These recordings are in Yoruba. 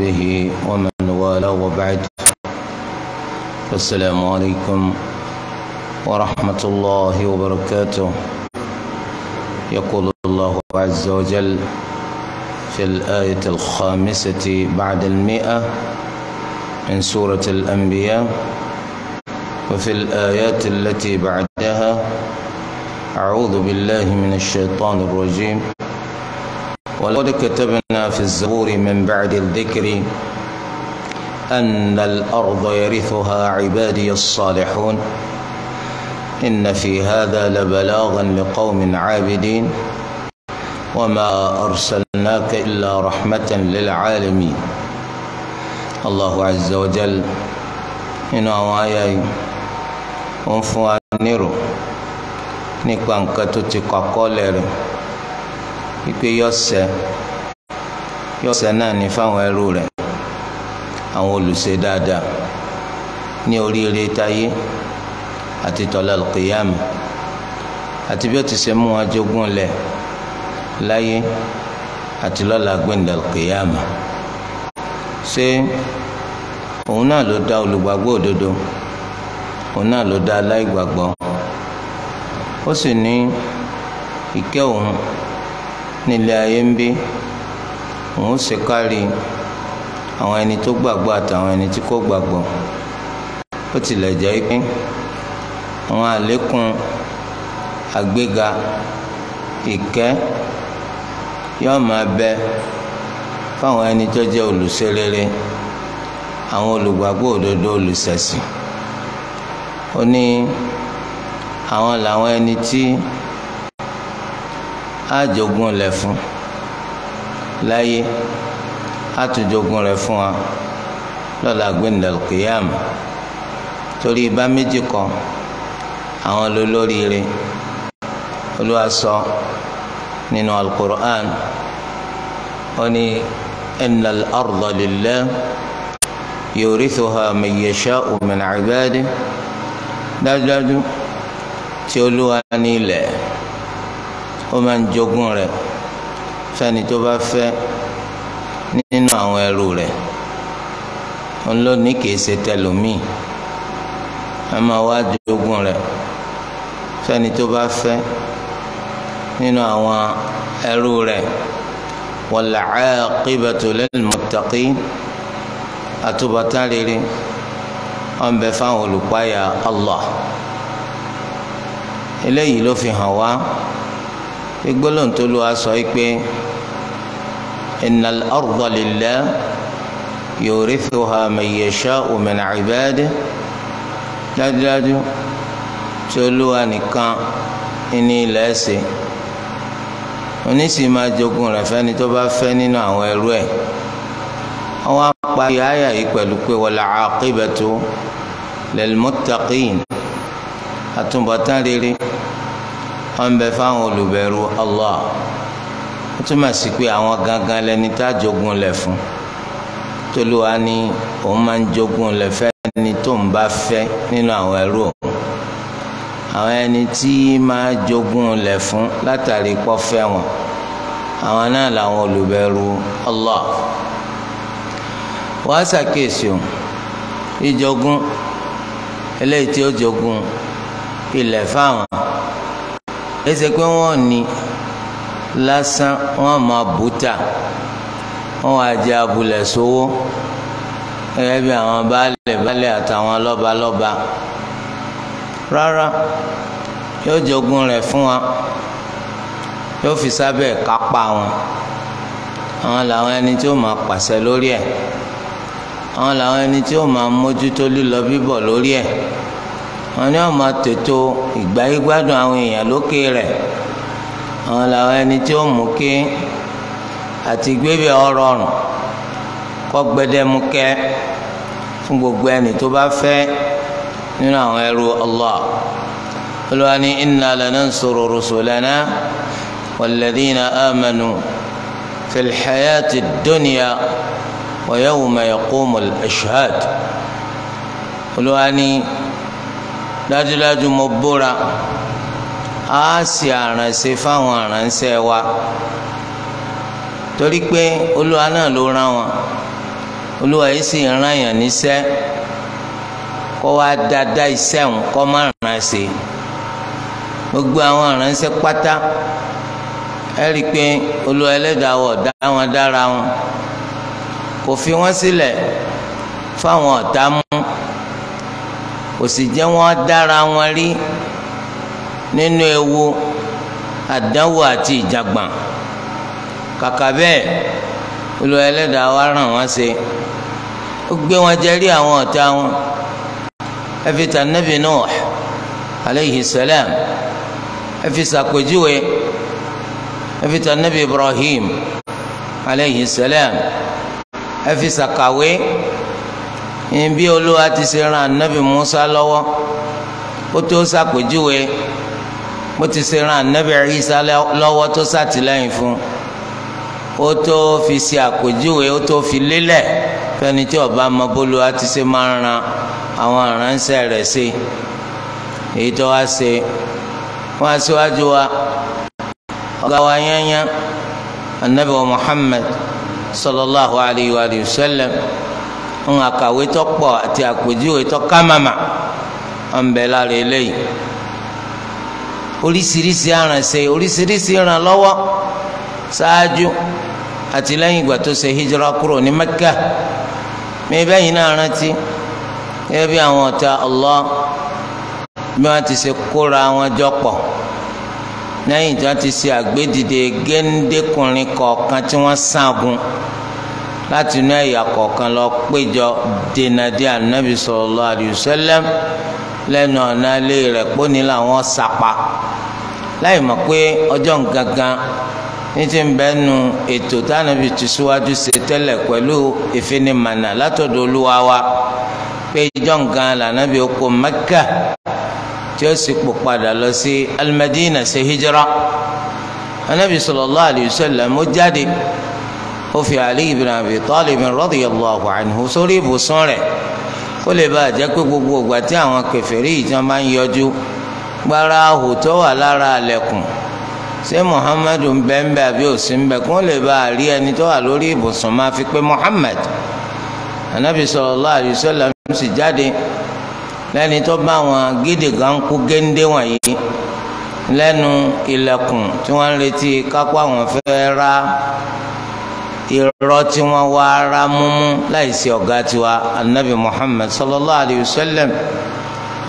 وصحبه ومن والاه وبعد السلام عليكم ورحمة الله وبركاته يقول الله عز وجل في الآية الخامسة بعد المئة من سورة الأنبياء وفي الآيات التي بعدها أعوذ بالله من الشيطان الرجيم ولقد كتبنا في الزبور من بعد الذكر أن الأرض يرثها عبادي الصالحون إن في هذا لبلاغا لقوم عابدين وما أرسلناك إلا رحمة للعالمين الله عز وجل إن آية أنفوا نيرو كتوتي كاكوليرو wípé yọ̀sẹ̀ yọ̀sẹ̀ náà ní fáwọn ẹrú rẹ̀ àwọn olùṣe dáadáa ní oríire táyé àti tọ́lá lùkìyàmù àti bí ó ti ṣe mú wọn jogún lẹ̀ láyé àti lọ́la gbẹ̀ndà lùkìyàmù ṣé òun náà ló dá olùgbàgbọ́ òdodo òun náà ló dá aláìgbàgbọ́ ó sì ní ìkẹ́ òun nílé ayé ń bí òun ṣe kárí àwọn ẹni tó gbàgbọ́ àtàwọn ẹni tí kò gbàgbọ́ ó tilẹ̀ jẹ́ pé àwọn àlékún àgbéga ìkẹ́ yóò máa bẹ fáwọn ẹni tó jẹ́ olùṣe àwọn olùgbàgbọ́ òdodo olùṣẹ̀sìn ó ní àwọn làwọn ẹni tí. Tí àjogún lẹ̀ fún láyé àtúnjogún rẹ̀ fún wa lọ́la gbẹ̀ndẹ̀lùkìyàm torí ibà méjì kan àwọn olólóríire olúwa sọ nínú alukur'an ó ní innal arda lillah yorithuha man yasha'u min dájúdájú tí olúwa ní ilẹ̀ ó máa ń jogún rẹ̀ fẹ́ni tó bá fẹ́ nínú àwọn ẹrú rẹ̀ ọlọ́ni kìí ṣe tẹlómi a máa wá jogún rẹ̀ fẹ́ni tó bá fẹ́ nínú àwọn ẹrú rẹ̀ wal aqibatu lil muttaqin àtúbọ̀tán rere wọn bẹ fáwọn olùpáyà Allah eléyìí ló fi hàn wá gbólóhùn tó Olúwa sọ yìí pé innal arda lillahi yurithuha man yasha'u min ibadihi dájúdájú tí Olúwa nìkan ní ilẹ̀ ẹ̀sìn oníṣìí máa jogún rẹ̀ fẹ́ni tó bá fẹ́ nínú àwọn ẹrú ẹ̀ àwọn apáyé àyà yìí pẹ̀lú pé wala aqibatu lil muttaqin àtúbọ̀tán rere wọn bẹ fáwọn olùbẹ̀rù Allah ó túmọ̀ sí pé àwọn gangan lẹni tá a jogun lẹ̀ fún tolúwa ni òun máa ń jogun lẹ̀ fẹ́ ẹni tó ń bá fẹ́ nínú àwọn ẹrú òun àwọn ẹni tí máa jogun lẹ̀ fún látàrí pọ́fẹ́ wọn àwọn náà làwọn olùbẹ̀rù Allah wọ́n á ṣàkíyèsí o ìjogun eléyìí tí ó jogun ilẹ̀ fáwọn ẹsẹ pé wọn ní lásán wọn máa bùtà wọn wàá jẹ abúlẹ̀ sówó gẹ́gẹ́ bí àwọn baálẹ̀ baálẹ̀ àtàwọn lọ́ba lọ́ba rárá yóò jogún rẹ̀ fún wa yóò fi sábẹ́ kápá wọn àwọn làwọn ẹni tí ó máa pàṣẹ lórí ẹ̀ àwọn làwọn ẹni tí ó máa mójútó lílọ bíbọ̀ lórí ẹ̀ wọn ni wọn máa tètò ìgbáyégbádùn àwọn èèyàn lókè rẹ̀ àwọn làwọn ẹni tí ó mú kí àti gbébẹ̀ ọrọrùn kọ gbẹdẹmukẹ fún gbogbo ẹni tó bá fẹ́ nínú àwọn ẹrú Allah olùwà ni inna lanansuru rusulana walladhina amanu fil hayati dunya wa yawma yaqumul ashhad olùwà ni dájúdájú mo búra á sì àrànṣe fáwọn àránṣẹ́ wa torí pé olúwa náà ló rán wọn olúwa yìí sì rán yàn níṣẹ́ kó wá dáadáa iṣẹ́ òun kó má ránṣẹ́ gbogbo àwọn àránṣẹ́ pátá ẹ rí i pé olúwa ẹlẹ́dàá dá wọn dára wọn kò fi wọ́n sílẹ̀ fáwọn ọ̀tá mú kò sì jẹ́ wọ́n dára wọn rí nínú ewu àdánwò àti ìjàgbọ̀n kàkà bẹ́ẹ̀ Olúwa Ẹlẹ́dàá wa ràn wọ́n ṣe ó gbé wọn jẹ́rí àwọn ọ̀tá wọn ẹ fi ta aleyhi salam ẹ fi ṣàpèjúwe ẹ Ibrahim aleyhi salam ẹ fi ìbí olúwa ti ṣe ran anabi musa lọ́wọ́ ó tó ṣàpèjúwe bó ti ṣe ran anabi isa lọ́wọ́ tó ṣàtìlẹ́yìn fún ó tó fi ṣe àpèjúwe ó tó fi lélẹ̀ fẹ́ni tí ọba ọmọ bólúwa ti ṣe máa ń ran àwọn aránṣẹ́ rẹ̀ ṣe èyí tó wá ṣe wọn aṣíwájú wa ọgá wa yányá anabi wa muhammad sallallahu alayhi wa sallam. ń àkàwé tó pọ̀ àti àpèjúwe tó kámàmà ń bẹ lára eléyìí oríṣiríṣi arànṣe oríṣiríṣi ìrànlọ́wọ́ ṣáájú àti ìgbà tó ṣe hijira kúrò ní Mẹ́kà mi bẹ́yìn náà rántí gẹ́gẹ́ bí àwọn ọ̀tá Allah bí wọ́n ti ṣe kóra wọn jọ pọ̀ lẹ́yìn tí wọ́n ti ṣe àgbédìde géńdékùnrin kọ̀ọ̀kan tí wọ́n ságun. láti inú ẹ̀yà kọ̀ọ̀kan lọ péjọ dènà dé ànábì sallallahu alaihi wasallam lẹ́nu ọ̀nà ilé rẹ̀ póni làwọn sapa láì mọ̀ pé ọjọ́ gangan ní ti ń bẹ́ nu ètò tánàbì ti síwájú ṣe tẹ́lẹ̀ pẹ̀lú ìfinimànà látọ̀dọ̀ olúwa wa pé ìjọ gan lànàbì oko Mẹ́kà tí ó sì pò padà lọ sí Al-Madina hijira ànábì sallallahu alaihi ó jáde ó fi Ali ibn Abi Talib radiyallahu anhu sórí ibùsùn rẹ̀ ó lè bá àjẹ́ pé gbogbo ìgbà tí àwọn kèfèrí yìí tí wọ́n máa ń yọjú gbára ahò tó wà lára àlẹ̀kùn ṣé Muhammadu ń bẹ ń bẹ àbí ò sí ń bẹ kó lè bá àrí ẹni tó wà lórí ibùsùn máa fi pé Muhammad anabi sallallahu alaihi wasallam sì jáde lẹ́ni tó bá wọn gidi gan kú géńdé wọ̀nyí lẹ́nu ilẹ̀kùn tí wọ́n ń retí kápá wọn fẹ́ ra irọ́ tí wọ́n wá ara múmú láìsí ọ̀gá tiwa anabi muhammed sallallahu alayhi wa sallam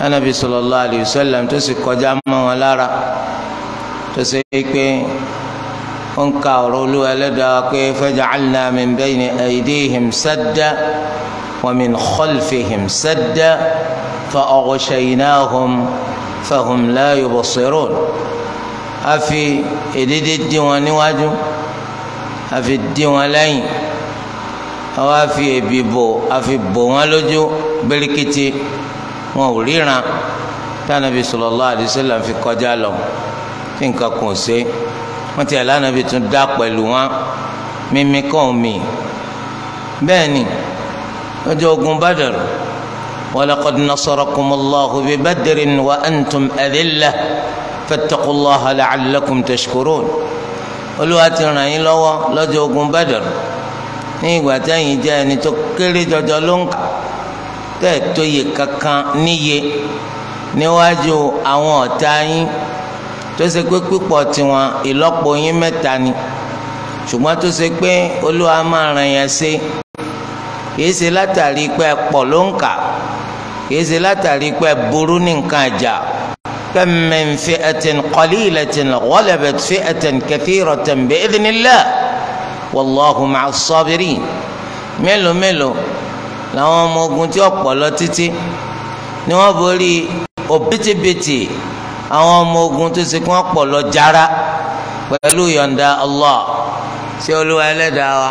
anabi sallallahu alayhi wa sallam tó sì kọjá mọ́ wọn lára tó sì pé ó ń ka ọ̀rọ̀ olúwa ẹlẹ́dàá pé faja'alna min bayni aydihim sadda wa min khalfihim sadda fa aghshaynahum fahum la yubsirun a fi èdèdè dí níwájú àfi dín wọn lẹ́yìn àwa fi èbì bò àfi bò wọn lójú bẹ́lẹ́kìtì wọn ò ríran tánàbí sallallahu alaihi wasallam fi kọjá lọ tí nǹkan kò ṣe wọn ti àlànàbí tún dá pẹ̀lú wọn mímí kàn mí bẹ́ẹ̀ ni ọjọ́ ogun Badr walaqad nasarakumullahu bi Badrin wa antum adillah fattaqullaha la'allakum tashkurun olúwa ti ràn yín lọ́wọ́ lọ́jọ́ ogun Badr ní ìgbà tẹ́yìn jẹ́ ẹni tó kéré jọjọ ló ń kà tẹ́ẹ̀ tó yẹ kankan níye níwájú àwọn ọ̀tá yín tó ṣe pé pípọ̀ tiwọn ìlọ́pọ̀ yín mẹ́ta ni ṣùgbọ́n tó ṣe pé olúwa máa ràn yẹn ṣe kìí ṣe látàrí pé pọ̀ ló ń kà kìí ṣe látàrí pé burú ní nǹkan àjà. كم من فئة قليلة غلبت فئة كثيرة بإذن الله والله مع الصابرين mélòó mélòó làwọn ọmọ ogun tí ọ̀pọ̀ lọ títí ni wọ́n borí òbítíbitì àwọn ọmọ ogun tó ṣe kí wọ́n pọ̀ lọ jára pẹ̀lú yọ̀ǹda Allah ṣé olúwa ẹlẹ́dàá wa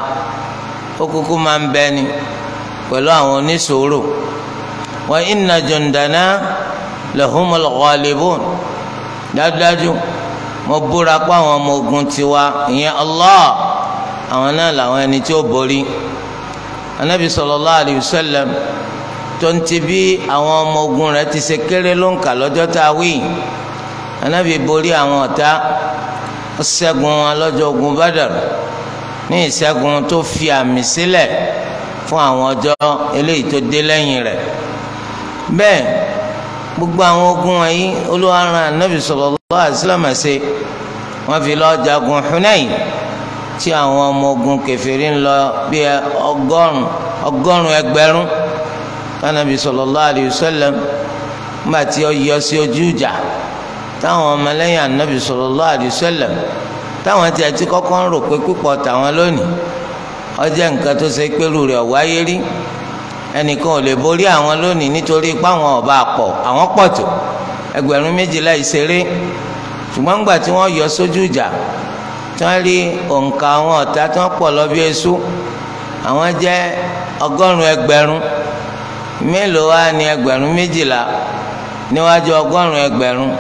ó kúkú máa ń bẹ ni pẹ̀lú àwọn oníṣòro wa inna jundana lahumul ghalibun dájúdájú mo búra pé àwọn ọmọ ogun tiwa ìyẹn Allah àwọn náà làwọn ẹni tí ó borí anabi sallallahu alayhi wa sallam tó ń ti bí àwọn ọmọ ogun rẹ̀ ti ṣe kéré ló ń kà lọ́jọ́ tá a wí anabi borí àwọn ọ̀tá ó ṣẹ́gun ogun Badr ní ìṣẹ́gun tó fi àmì sílẹ̀ fún àwọn ọjọ́ eléyìí tó dé lẹ́yìn rẹ̀ bẹ́ẹ̀ gbogbo àwọn ogun wọ̀nyí olúwa rán anabi sallallahu alaihi wasallam ṣe wọ́n fi lọ jagun Hunain tí àwọn ọmọ ogun kèfèrí ń lọ bíi ọgọ́rùn ọgọ́rùn ẹgbẹ̀rún anabi sallallahu alaihi wasallam nígbà tí sí ojú ìjà táwọn ọmọlẹ́yìn anabi sallallahu alaihi wasallam táwọn tí a ti ń rò pé púpọ̀ tàwọn lónìí ó nǹkan tó ṣe pé rẹ̀ wáyé rí ẹnìkan ò lè borí àwọn lónìí nítorí pé àwọn ọba àpọ̀ àwọn pọ̀ tó ẹgbẹ̀rún méjìlá ìṣeré ṣùgbọ́n ńgbà tí wọ́n yọ sójú ìjà tí wọ́n rí òǹkà àwọn ọ̀tá tí wọ́n pọ̀ lọ bí eṣú àwọn jẹ́ ọgọ́rùn-ún ẹgbẹ̀rún mélòó wá ní ẹgbẹ̀rún méjìlá níwájú ọgọ́rùn-ún ẹgbẹ̀rún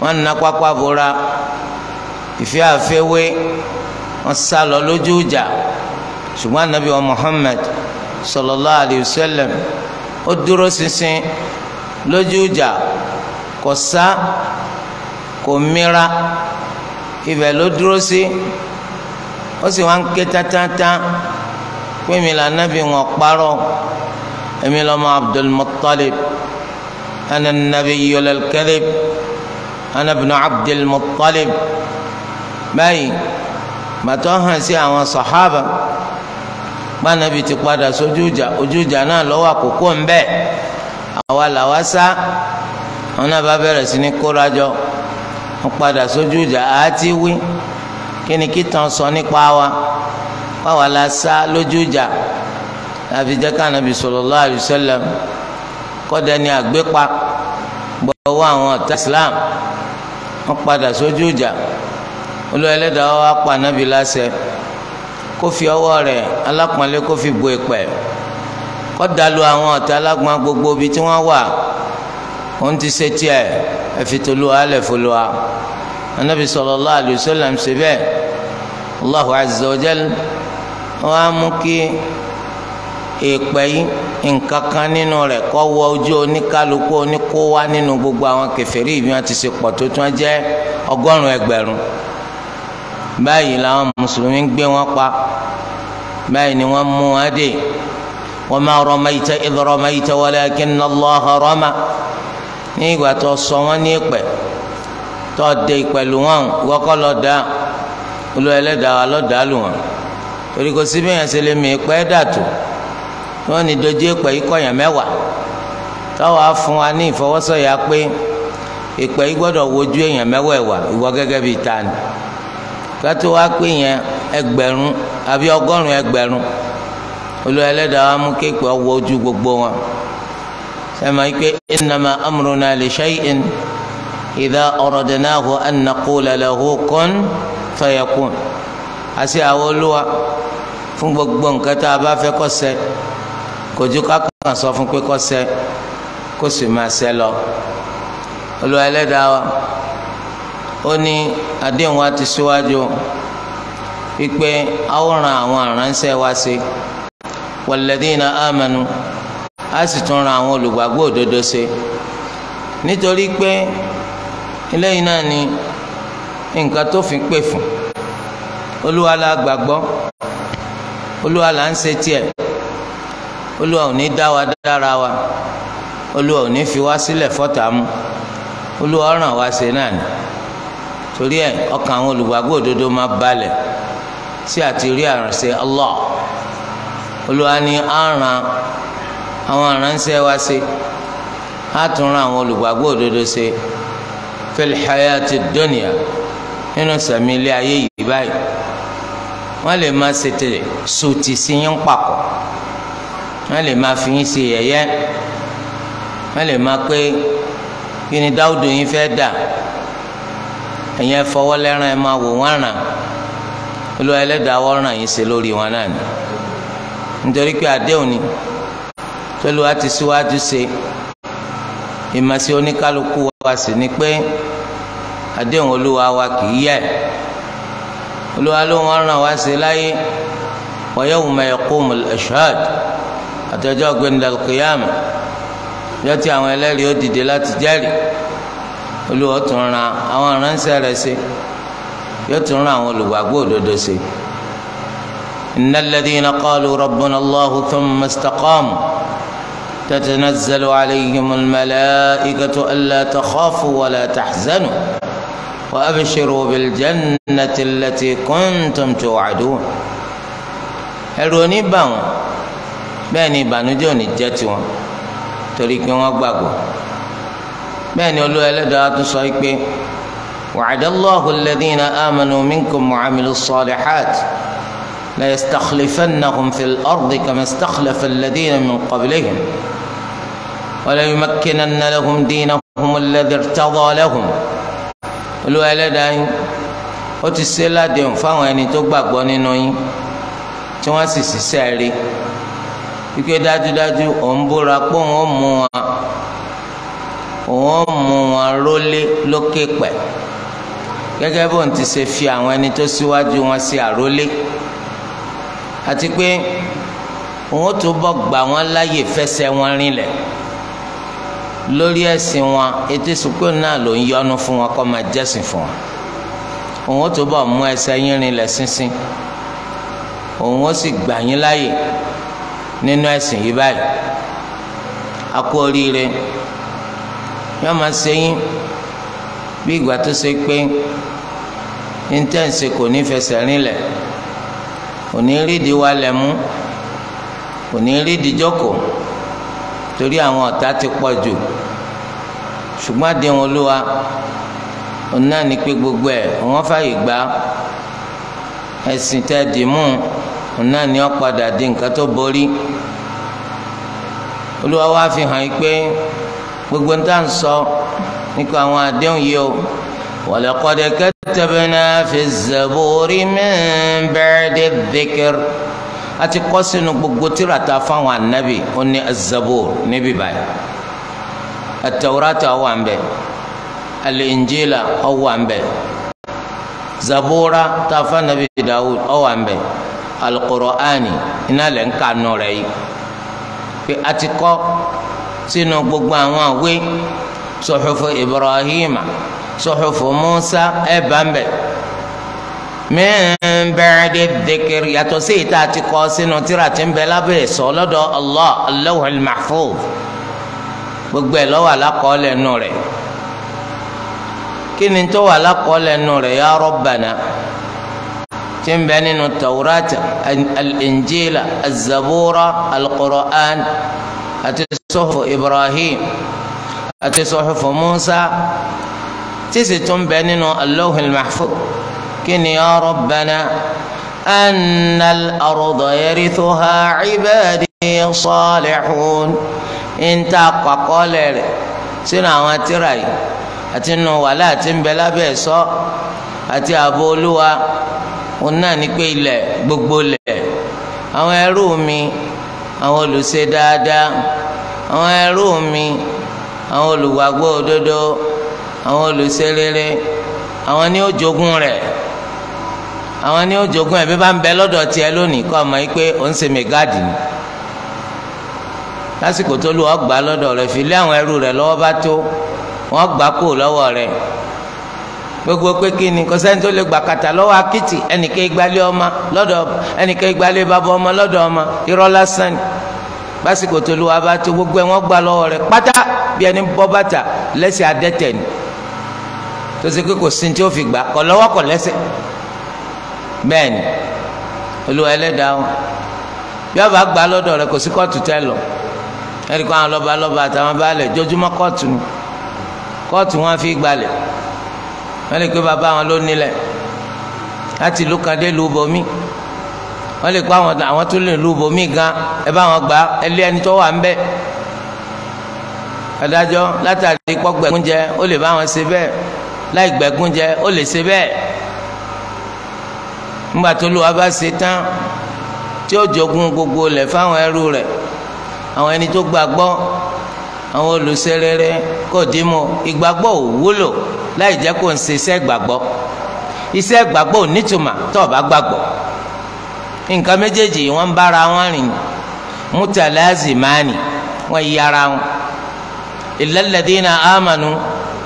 wọ́n na pápá bora ìfẹ́ àfẹ́wé wọ́n sá lọ lójú ìjà ṣùgbọ́n ànábì wa Muhammad sallallahu alayhi wa sallam ó dúró ṣinṣin lójú ìjà kò sá kò mira ibẹ̀ ló dúró sí ó sì wá ń ké tátátá pé mi là nábì wọn parọ́ èmi lọ́mọ Abdul Muttalib ana an-nabiyyu lal ana ibn Abdul Muttalib báyìí màtọ́ hàn sí àwọn sàhábà gbanabi ti padà sójú ìjà ojú ìjà náà lọ́wọ́ àkókò ń bẹ àwa làwa sá àwọn náà bá bẹ̀rẹ̀ sí ní kórajọ wọ́n padà sójú ìjà àti wí kí ni kíntàn sọ nípa wa báwa la sá lójú ìjà àfi jẹ́ ká nàbì sallallahu alaihi wasallam kọ́dẹ ni àgbépa gbọ́wọ́ àwọn ọ̀tá Islam wọ́n padà sójú ìjà olú ẹlẹ́dàá wa pa nàbì láṣẹ kó fi ọwọ́ rẹ̀ alápọ̀nlé kó fi bo ìpẹ́ kó dàlú àwọn ọ̀tá alágbọ̀n gbogbo ibi tí wọ́n wà òun ti ṣe tiẹ̀ ẹ̀fitolúwa alẹ́fọlúwa anabi sallallahu alayhi wa sallam ṣe allahu azza wa jal wọ́n á mú kí ìpẹ́ yìí nǹkan kan nínú rẹ̀ kó wọ ojú oníkálukú oníkówá nínú gbogbo àwọn kèfèrí ìbí wọn ti ṣe pọ̀ tó tún jẹ́ báyìí làwọn mùsùlùmí gbé wọn pa báyìí ni wọ́n mú wọn dé wa ma ramayta idh ramayta walakinna Allaha rama ní ìgbà tó sọ wọ́n ní ìpẹ́ tó de ìpẹ̀lú wọn wọ́kọ́ lọ dá olú ẹlẹ́dàá lọ dá lù wọn torí kò síbí yẹn ṣe lè mí ìpẹ́ dàtò wọ́n ní dojú ìpẹ́ yìí kọ̀yàn mẹ́wàá táwọn fún wa ní ìfọwọ́sọ̀yà pé ìpẹ́ yìí gbọ́dọ̀ wojú èèyàn mẹ́wàá ìwà ìwọ gẹ́gẹ́ bíi ta ni kátó wá pé yẹn ẹgbẹ̀rún àbí ọgọ́rùn ẹgbẹ̀rún Olúwa Ẹlẹ́dàá wa mú kéèpé ọwọ́ ojú gbogbo wọn sẹ́mi wípé innama amruna li shay'in idha aradnahu an naqula lahu kun fayakun àti àwọn olúwa fún gbogbo nǹkan tá a bá fẹ́ kó ṣẹ kò ju sọ fún pé kó ṣẹ kó sì máa ṣẹ lọ Olúwa Ẹlẹ́dàá wa. ó ní àdéhùn wa ti síwájú wípé a ó ran àwọn àránṣẹ́ wa ṣe walladhina amanu a sì tún ran àwọn olùgbàgbọ́ òdodo ṣe nítorí pé eléyìí náà ni nǹkan tó fi pè fún olúwa la gbàgbọ́ olúwa là ń ṣe tiẹ̀ olúwa ò ní dá wa dára wa olúwa ò ní fi wá sílẹ̀ fọ́tàmú olúwa ràn wá ṣe náà ni. torí ẹ ọkàn àwọn olùgbàgbọ́ òdodo máa balẹ̀ sí àti rí àránṣẹ́ Allah olúwa ni á ran àwọn àránṣẹ́ wa ṣe á tún ran àwọn olùgbàgbọ́ òdodo ṣe fil hayati dunya nínú sẹ̀mí ilé ayé yìí báyìí wọ́n lè máa ṣètè sòtì sí yín papọ̀ wọ́n lè máa fi yín ṣe yẹ̀yẹ́ wọ́n lè máa pé kí ni dáúdù yín fẹ́ dà ẹ̀yin fọwọ́ lẹ́ràn ẹ máa wò wọ́n ràn olú ẹlẹ́dàá wọ́ràn yín ṣe lórí wọn náà ni nítorí pé àdéhùn ni tólú wa ti síwájú ṣe ìmọ̀sí oníkálukú wa sì ni pé àdéhùn olúwa wa kì í yẹ̀ olúwa ló wọ́n ràn wá ṣe láyé wa yawma yaqumul ashhad àtẹ̀jọ́ gbẹ̀ndàlùkìyàmù yọtí àwọn ẹlẹ́rìí ó dìde láti jẹ́rìí olúwa tún ran àwọn aránṣẹ́ rẹ̀ ṣe yóò tún ran àwọn olùgbàgbọ́ òdodo ṣe. إن الذين قالوا ربنا الله ثم استقاموا تتنزل عليهم الملائكة ألا تخافوا ولا تحزنوا وأبشروا بالجنة التي كنتم توعدون ẹ̀rù ò ní bà wọ́n bẹ́ẹ̀ ni ìbànújẹ́ ò ní jẹ́ tiwọn torí pé wọ́n gbàgbọ́. bẹẹni ni olú ẹlẹ́dàá tún sọ pé wa'adallahu alladhina amanu minkum wa 'amilus salihat la yastakhlifannahum fil ardi kama istakhlafa alladhina min qablihim wa la yumakkinanna lahum dinahum alladhi irtada lahum olú ẹlẹ́dàá yín ó ti ṣe ládéhùn fáwọn ẹni tó gbàgbọ́ nínú yín tí wọ́n sì ṣiṣẹ́ rí wípé dájúdájú òun búra pé òun ó mú wọn. wọ́n mú wọn rólé lókè pẹ̀ gẹ́gẹ́ bó ń ti ṣe fi àwọn ẹni tó síwájú wọn sí àrólé àti pé wọ́n tó bọ́ gbà wọ́n láyè fẹsẹ̀ wọn rinlẹ̀ lórí ẹ̀sìn wọn etí sùkúù náà ló ń yọnu fún wọn kó máa jẹ́sìn fún wọn òun ó tó bọ̀ mú ẹsẹ̀ yín rinlẹ̀ sínsìn òun ó sì gbà yín láyè nínú ẹ̀sìn yìí báyìí a kú oríire yóò máa ṣe yín bí ìgbà tó ṣe pé intense kò ní fẹsẹ̀ rinlẹ̀ kò ní rídìí wálẹ̀ mú kò ní rídìí jókòó torí àwọn ọ̀tá ti pọ̀ jù ṣùgbọ́n àdéhùn olúwa òun náà ní pé gbogbo ẹ̀ wọ́n fàyè gbà ẹ̀sìn tẹ́ dì mú òun náà ní ọ̀padà di nǹkan tó borí olúwa wá fi hàn yí pé gbogbo ń tà ń sọ nípa àwọn àdéhùn yìí o walaqad katabna fi zaburi min ba'di dhikr a ti kọ sínú gbogbo tírà ta fáwọn anabi ó ní zabur níbí báyìí atawurata ó wà ń bẹ alinjila ó wà ń bẹ zabura ta nabi dawud ó wà ń bẹ iná lẹ ń kanu yìí pé a ti kọ sínú gbogbo àwọn àwé sọ̀xùfù ibrahima sọ̀xùfù musa ẹ̀ bá ń bẹ̀ min ba'di dhikr yàtọ̀ sí ìta àti kọ́ sínú tíra tí ń bẹ lábẹ́ ìsọ̀ lọ́dọ̀ allah al-lawhul mahfuz gbogbo ẹ̀ lọ́wọ́ alákọ̀ọ́lẹ̀ nù rẹ̀ kí ni tó wà alákọ̀ọ́lẹ̀ nù rẹ̀ ya rabbana tí ń bẹ nínú tawrata al-injila az-zabura al-qur'an. Al àti sọ́fù Ibrahim àti sọ́fù Musa tíṣe tó ń bẹ nínú Allahul Mahfuz kí ni ya Rabbana annal arda yarithuha ibadi salihun ń ta kọ́kọ́lẹ̀ rẹ̀ sínú àwọn tíra yìí àti nù wàhálà àti ń bẹ lábẹ́ sọ́ àti ààbò Olúwa gbogbo lẹ̀ àwọn ẹrú mi àwọn olùṣe dáadáa àwọn ẹrú mi àwọn olùwàgbọ́ òdodo àwọn olùṣe rere àwọn ni ó jogún àwọn ni ó jogún ẹ̀ bí bá ń bẹ lọ́dọ̀ tiẹ̀ lónìí kọ́ ọmọ yìí pé ó ń ṣe mẹ́gáàdì ni lásìkò tó lù ọ́ gbà lọ́dọ̀ rẹ̀ fi lé àwọn ẹrú rẹ̀ lọ́wọ́ bá tó wọ́n gbà kó lọ́wọ́ rẹ̀ gbogbo pé kí ni kọsẹ́ni tó lè gbà kàtà lọ́wọ́ akitì ìgbàlẹ̀ ọmọ lọ́dọ̀ ẹnìkan ìgbàlẹ̀ bàbá ọmọ lọ́dọ̀ ọmọ irọ́ lásán ni básìkò tó lu tó gbogbo ẹ̀ wọ́n gbà lọ́wọ́ rẹ̀ pátá bí ẹni bọ́ bàtà lẹ́sẹ̀ adẹ́tẹ̀ ni tó ṣe pé fi gbà kọ́ lọ́wọ́ kọ́ lẹ́sẹ̀ ẹlẹ́dàá wọn bí gbà wọ́n lè pé bàbá wọn ló nílẹ̀ láti ìlú kan dé ìlú bomi wọ́n lè pé àwọn àwọn tó lè ìlú bomi gan ẹ bá wọn gbà ẹ lé ẹni tó wà ń bẹ̀ adájọ́ látàrí pọ́gbẹ́gún jẹ ó lè bá wọn ṣe bẹ́ẹ̀ láì gbẹ́gún jẹ ó lè ṣe bẹ́ẹ̀ nígbà tó lù wá bá ṣe tán tí ó jogún gbogbo lẹ̀ fáwọn ẹrú rẹ̀ àwọn ẹni tó gbàgbọ́ àwọn olùsẹrẹrẹ kò dín mọ ìgbàgbọ́ ò wúlò láì jẹ́ kó n ṣe iṣẹ́ gbàgbọ́ iṣẹ́ gbàgbọ́ ò nítumà tó o bá gbàgbọ́ nǹkan méjèèjì wọ́n ń bára wọn rìn mutalazimani wọ́n yí ara wọn illa alladhina amanu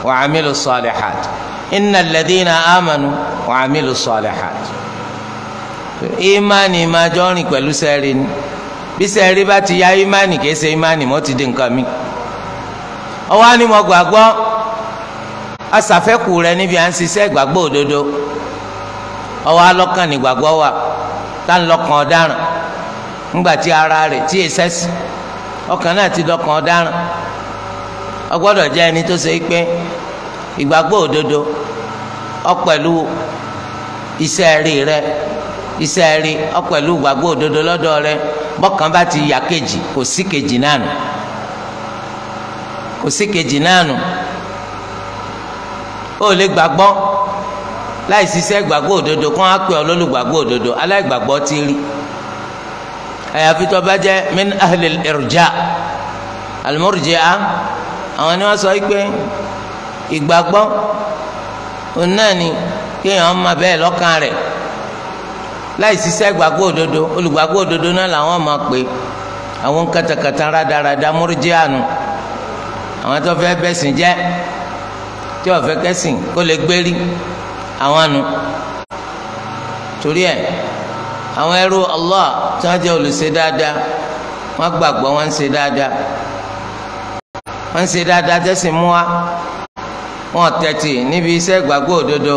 wa amilu salihat inna alladhina amanu wa amilu máa jọ rìn pẹ̀lú sẹ́ẹ̀rì bí sẹ́ẹ̀rì bá ti ya imani kìí ṣe imani mọ́ ti di nǹkan mi. ọwọ́ ni mo gbàgbọ́ asàfẹ́kù rẹ níbi à ń ṣiṣẹ́ ìgbàgbọ́ òdodo ọwọ́ ní ìgbàgbọ́ wa tá ń lọ́kàn ọ̀daràn ńgbà tí ara rẹ̀ tí ọkàn náà ti dọ́kàn ọ̀daràn Ọ gbọ́dọ̀ jẹ́ ẹni tó ṣe pé ìgbàgbọ́ òdodo pẹ̀lú iṣẹ́ rí rẹ iṣẹ́ rí pẹ̀lú ìgbàgbọ́ òdodo lọ́dọ̀ rẹ bọ́kàn bá ti yà kejì kò kò sí kejì náà nù ó lè gbàgbọ́ láì ṣiṣẹ́ gbàgbọ́ òdodo kó wọn pè ọ́ lólùgbàgbọ́ òdodo aláìgbàgbọ́ ti rí àyàfi tó bá jẹ́ min ahlil irja al-murji'a àwọn ni wọ́n sọ pé ìgbàgbọ́ òun náà ni kéèyàn máa bẹ́ẹ̀ lọ́kàn rẹ̀ láì ṣiṣẹ́ gbàgbọ́ òdodo olùgbàgbọ́ òdodo náà làwọn máa pè àwọn kàtàkàtà rádaràda murji'a nù. No àwọn tó fẹ́ bẹ́sìn jẹ́ tí wọ́n fẹ́ kẹ́sìn kó lè gbérí àwọn nu torí ẹ̀ àwọn ẹrú Allah tí wọ́n jẹ́ olùṣe dáadáa wọ́n gbàgbọ́ wọ́n ń ṣe dáadáa wọ́n ń ṣe dáadáa tẹ́sí mú wa wọ́n tẹ́tì níbi iṣẹ́ ìgbàgbọ́ òdodo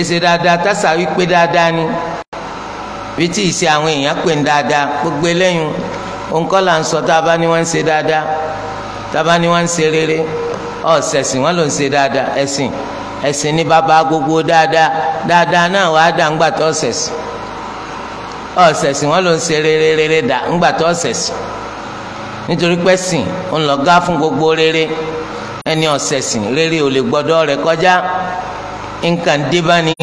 ìṣe dáadáa tásà wípé dáadáa ni bí tí ìṣe àwọn èèyàn pè ń dáadáa gbogbo eléyìí òǹkọ́ là ń sọ tá a bá ní wọ́n ń ṣe dáadáa. tábà ni wọ́n ṣe rere ọ̀sẹ̀sìn wọ́n ló ń ṣe dáadáa ẹ̀sìn ẹ̀sìn ní bàbá gbogbo dáadáa dáadáa náà wàá dà ńgbà tó ọ̀sẹ̀sìn ọ̀sẹ̀sìn wọ́n ló ń ṣe rere rere dà ńgbà tó ọ̀sẹ̀sìn nítorí pé sìn ń lọ gá fún gbogbo rere ẹni ọ̀sẹ̀sìn rere ò lè gbọdọ rẹ̀ kọjá nǹkan débá ni.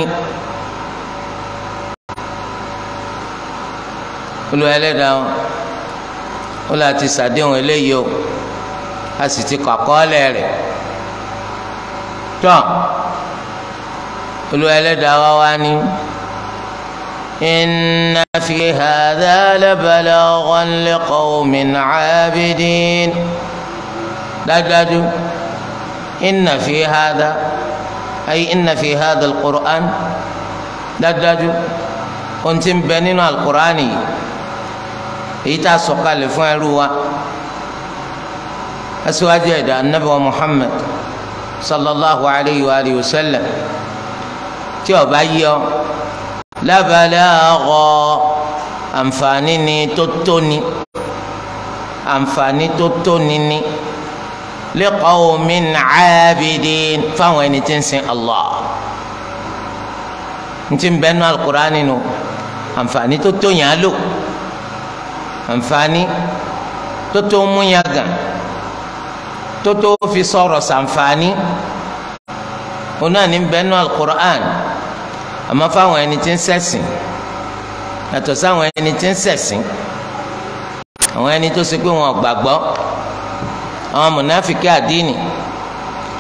olùwẹ̀lẹ́dàá ó láti ṣàdéhùn eléyìí o. a sì ti kọ àkọọ́lẹ̀ rẹ̀ tán olú ẹlẹ́dàá wá wá ní. إن في هذا لبلاغا لقوم عابدين dájúdájú inna fi hada ayi inna fi hada alqur'an dájúdájú ohun tí ń bẹ nínú alqur'an yìí èyí tá a sọ̀kalẹ̀ fún ẹrú wa aṣíwájú ẹ̀dá anabi wa muhammad sallallahu alayhi wa alihi wa sallam tí ó bá yọ lábàlẹ̀ ọ̀rọ̀ àǹfààní ni tó tóni àǹfààní tó tóni ni liqawmin aabidin fáwọn ẹni tí ń sin allah ntí ń bẹnu alukur'ani nù àǹfààní tó tó yàn án lò àǹfààní tó tó mú yàn gàn tó tó fi sọ̀rọ̀ sànfààní òun náà ní bẹ́ẹ̀ nù alukur'an àmọ́ fáwọn ẹni tí ń ṣẹ̀sìn yàtọ̀ sáwọn ẹni tí ń ṣẹ̀sìn àwọn ẹni tó ṣe pé wọn gbàgbọ́ àwọn mùnáfíkì àdínì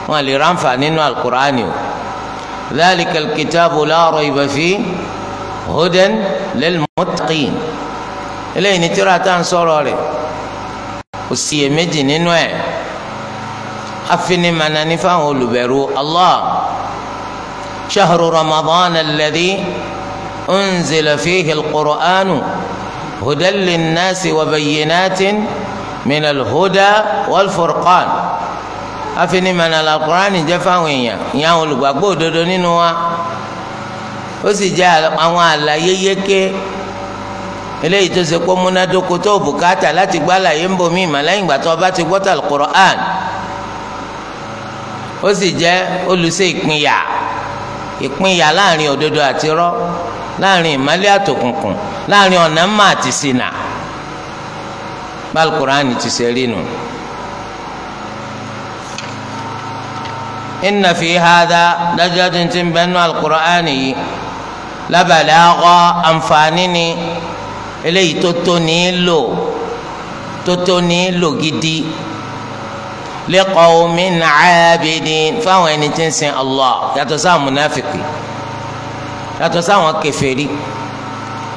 wọn lè ránfà nínú alukur'an o dhalika alkitabu la rayba fi hudan lilmuttaqin eléyìí ní tíra tá à ń sọ̀rọ̀ rẹ̀ kò síyèméjì nínú ẹ̀ afinimànani fáwọn olùbẹ̀rù allah shahru ramadan alladhi unzila fihi alqur'anu hudan linnaasi wa bayyinatin min alhuda walfurqan afinimànà alqur'ani jẹ́ fáwọn èèyàn ìyá àwọn olùgbàgbọ́ òdodo nínú wa ó sì jẹ́ àwọn àlàyé yéké eléyìí tó ṣe pé múnádóko bùkátà láti gbá àlàyé ń bomi ìmọ̀ lẹ́yìn bá ti gbọ́ tàlùkùrọ̀ ó sì jẹ́ olùṣe ìpínyà ìpínyà láàrin òdodo àti irọ́ láàrin ìmọ́lẹ̀ àtòkùnkùn láàrin ọ̀nà mà àti ṣìnà balùkùránì ti ṣe rí nu. inna fi hadha dájúdájú ti ń bẹnu alukùránì yìí lábàlágọ́ àǹfààní ni eléyìí tó liqawmin aabidin fáwọn ẹni tí ń sin Allah yàtọ̀ sáwọn munafiki yàtọ̀ sáwọn kèfèrí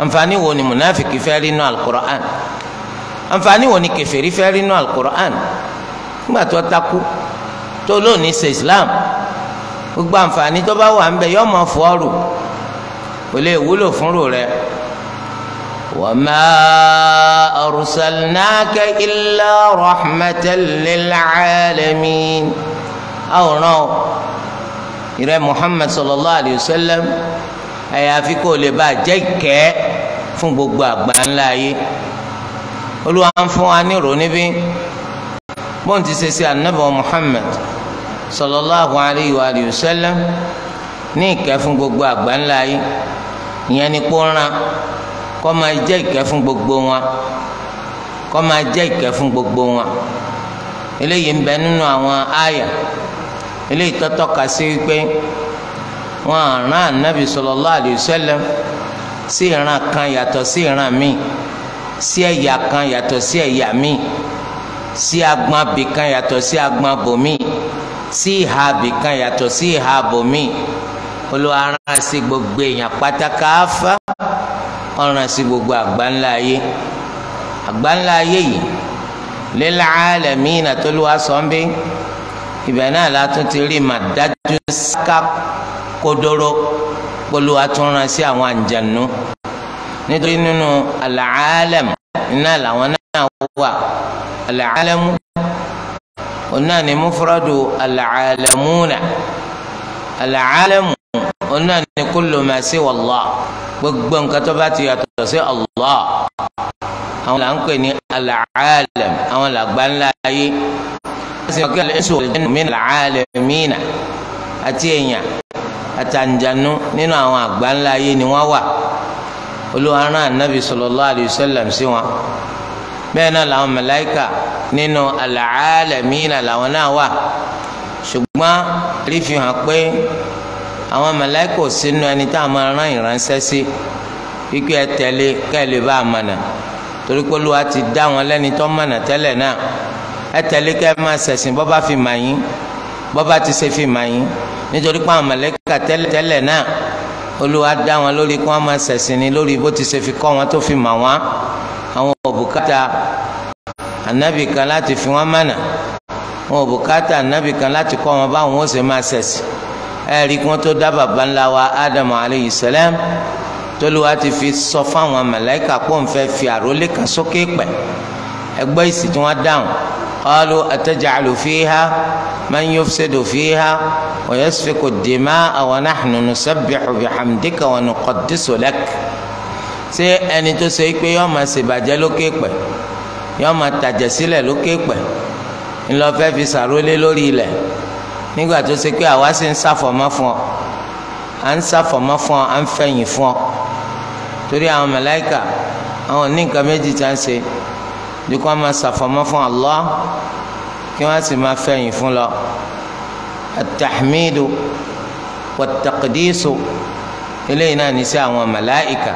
ànfààní wo ni munafiki fẹ́ rí nínú alukur'an ànfààní wo ni kèfèrí fẹ́ rí nínú alukur'an nígbà tó takú tó lónìí ṣe Islam gbogbo ànfààní tó bá wà ń bẹ yọ ọmọ fọ́ọ̀rù kò lè wúlò fúnrò rẹ̀ وما أرسلناك إلا رحمة للعالمين أو نو يرى محمد صلى الله عليه وسلم àyàfi kó lè bá jẹ́ ìkẹ́ fún gbogbo àgbà ńlá ayé olúwa ń fún wa nírò níbí bóun ti ṣe sí anabi muhammed sallallahu alayhi wa alihi wa sallam ní ìkẹ́ fún gbogbo àgbà ńlá ayé ìyẹn ni kó rán kó máa jẹ́ ìkẹ́ fún gbogbo wọn kó máa jẹ́ ìkẹ́ fún gbogbo wọn eléyìí ń bẹ nínú àwọn àyà eléyìí tó tọ́ka sí wípé wọn àrán ànábì sallallahu alayhi wa sallam sí ìran kan yàtọ̀ sí ìran míì sí ẹ̀yà kan yàtọ̀ sí ẹ̀yà míì sí agbọn abìkan yàtọ̀ sí agbọn bòmí sí ìhà abìkan yàtọ̀ sí ìhà bòmí olùwàrán sí gbogbo èèyàn pátákáfá ọ̀ràn sí gbogbo àgbáńlá ayé àgbáńlá ayé yìí lil alamina tó ló wá sọ ń bí ibẹ̀ náà látún ti rí mà dájú sáká kodoro polówó atúnran sí àwọn àǹjànú nítorí nínú al-alam iná làwọn náà wà al-alamu òun ni mufradu al-alamuna al-alamu ọ̀nà ni kullu ma siwa Allah gbogbo nǹkan tó bá ti yàtọ̀ sí Allah àwọn là ń pè ní al-alam àwọn là gbá ńlá ayé ẹsẹ̀ ọ̀gá ẹ̀sùn òjìnnú min al-alamina àti èèyàn àtàǹjànú nínú àwọn àgbá ńlá ayé ni wọ́n wà Olúwa rán Ànábì sallallahu alayhi wa sallam sí wọn bẹ́ẹ̀ náà làwọn màláíkà nínú al-alamina làwọn náà wà ṣùgbọ́n rí fi hàn pé àwọn màláíkà sínú ẹni tá a máa rán ìránṣẹ́ sí ikú ẹ tẹ̀lé ká ẹ lè bá a mọ̀nà torí pé Olúwa ti dá wọn lẹ́ni tó mọ̀nà tẹ́lẹ̀ náà ẹ tẹ̀lé ká máa ṣẹ̀sìn bọ́ fi mà yín bọ́ ti ṣe fi mà yín nítorí pé àwọn màláíkà tẹ́lẹ̀ náà Olúwa dá wọn lórí kí wọ́n máa ṣẹ̀sìn ni lórí bó ti ṣe fi kọ́ wọn tó fi mà wọ́n àwọn òbúkátà ànábì kan láti fi wọ́n mọ̀nà àwọn òbúkátà ànábì kan láti kọ́ wọn báwọn ó ṣe máa ṣẹ̀sìn ẹ̀rí kí wọ́n tó dá bàbá ńlá wa ádámù aleyhi sẹlẹ̀m tolúwa ti fi sọ fáwọn màláíkà pọ̀ ń fẹ́ fi àrólé kan sókè pẹ̀ ẹgbẹ́ ìsì tí wọ́n dáhùn qalu ataj'alu fiha man yufsidu fiha wa yasfiku dima'a wa nahnu nusabbihu bihamdika wa nuqaddisu lak ṣé ẹni tó ṣe pé yọ́ọ́ máa ṣèbàjẹ́ lókè pẹ̀ yọ́ọ́ máa tàjẹ̀ lókè pẹ̀ ńlọ fẹ́ fi ṣàrólé lórí ilẹ̀ nígbà tó ṣe pé àwa sì ń ṣàfọ̀mọ́ fún ọ à ń ṣàfọ̀mọ́ fún ọ à ń fẹ̀yìn fún ọ torí àwọn màláíkà àwọn ní nǹkan méjì tá à ń ṣe bí kò máa ṣàfọ̀mọ́ fún Allah kí wọ́n sì máa fẹ̀yìn fún lọ atahmidu wataqdisu eléyìí náà ní sí àwọn màláíkà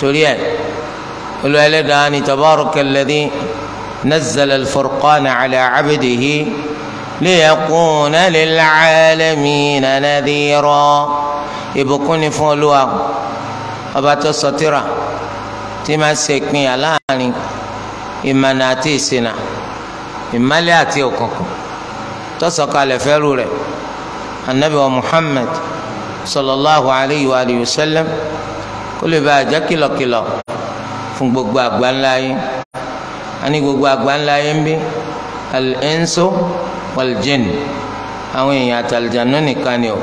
torí ẹ olùwẹ̀lẹ́dàá ni tabarakal ladhi nazzala al ala abdihi liyakuna lil alamina nadhira ìbùkún ni fún olúwa ọba tó sọ tírà tí máa ṣe ìpínyà láàrin ìmànà àti ìṣìnà ìmálẹ̀ àti òkùnkùn tó sọ̀kalẹ̀ fẹ́rù rẹ̀ anabi wa muhammad sallallahu alayhi wa alihi wa sallam kó bá a jẹ́ kìlọ̀kìlọ̀ fún gbogbo àgbáńlá yín a ní gbogbo àgbáńlá yín bí al-insu wàlìjìn àwọn èèyàn àtàlìjànú nìkan ni o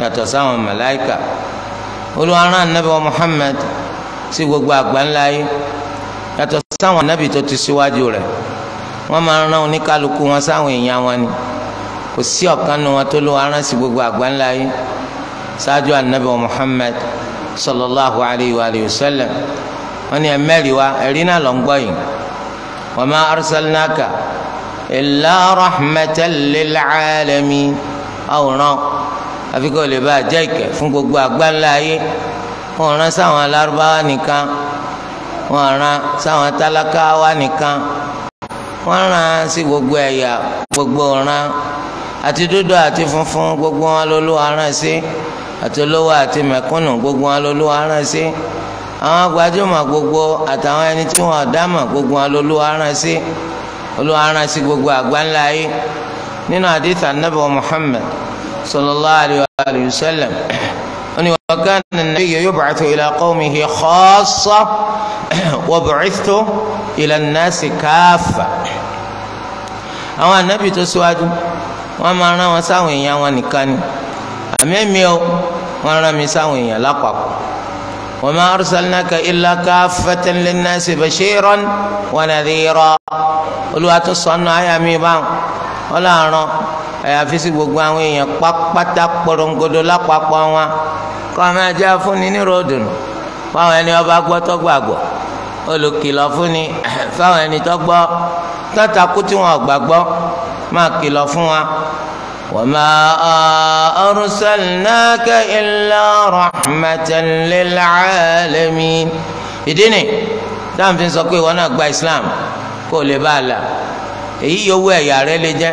yàtọ̀ sáwọn màláìkà olùwàrán anabi wa Muhammad sí gbogbo àgbáńlá yìí yàtọ̀ sáwọn anabi tó ti síwájú rẹ̀ wọ́n máa rán oníkálukú wọn sáwọn èèyàn wọn ni kò sí ọ̀kan nu wọn tó ló arán sí gbogbo àgbáńlá yìí ṣáájú anabi wa Muhammad sallallahu alayhi wa sallam wọ́n ní ẹ̀mẹ́rìí wa ẹ̀rí náà ló ń gbọ́ yìí wa ma arsalnaka illa rahmatan lil alamin àwòrán àfikún olè bá jẹ́ ìkẹ́ fún gbogbo àgbáńlá ayé wọn rán sáwọn alárúbáwá nìkan wọn rán sáwọn tálákàwá nìkan wọn rán sí gbogbo ẹ̀yà gbogbo ọ̀ràn àti dúdú àti funfun gbogbo wọn lolúwa rán sí àti olówó àti mẹ̀kúnnù gbogbo wọn lolúwa rán sí àwọn gbajúmọ̀ gbogbo àtàwọn ẹni tí wọn dámọ̀ gbogbo wọn lolúwa rán sí olùwàrán sí gbogbo àgbáńlá yìí nínú àdìsá nàbẹ Muhammad sallallahu alayhi wa sallam wọn ni wọn kàn ní nàbí yub'athu ila qawmihi khassa wa bu'ithtu ila an-nasi kaffa àwọn ànábì tó síwájú wọn máa rán wọn sáwọn èèyàn wọn nìkan ni àmì ẹ̀mí o wọn rán mi sáwọn èèyàn lápapọ̀. وما أرسلناك إلا كافة للناس بشيرا ونذيرا Olúwa tún sọ nínú àyà mi báwọn Ọlọ́run àyàfi sí gbogbo àwọn èèyàn pápátá pọ̀rọ̀ngodo lápapọ̀ wọn kọ́ máa jẹ́ fúnni nírò dùn fáwọn ẹni ọba gbọ́ tó gbàgbọ́ olùkìlọ̀ fúnni fáwọn ẹni tó gbọ́ tó takú tí wọn ò gbàgbọ́ máa kìlọ̀ fún wa. وما أرسلناك إلا رحمة للعالمين ìdí ni táwọn fi ń sọ pé ìwọ náà gba Islam kó o lè bá a là èyí yòówù ẹ̀yà rẹ lè jẹ́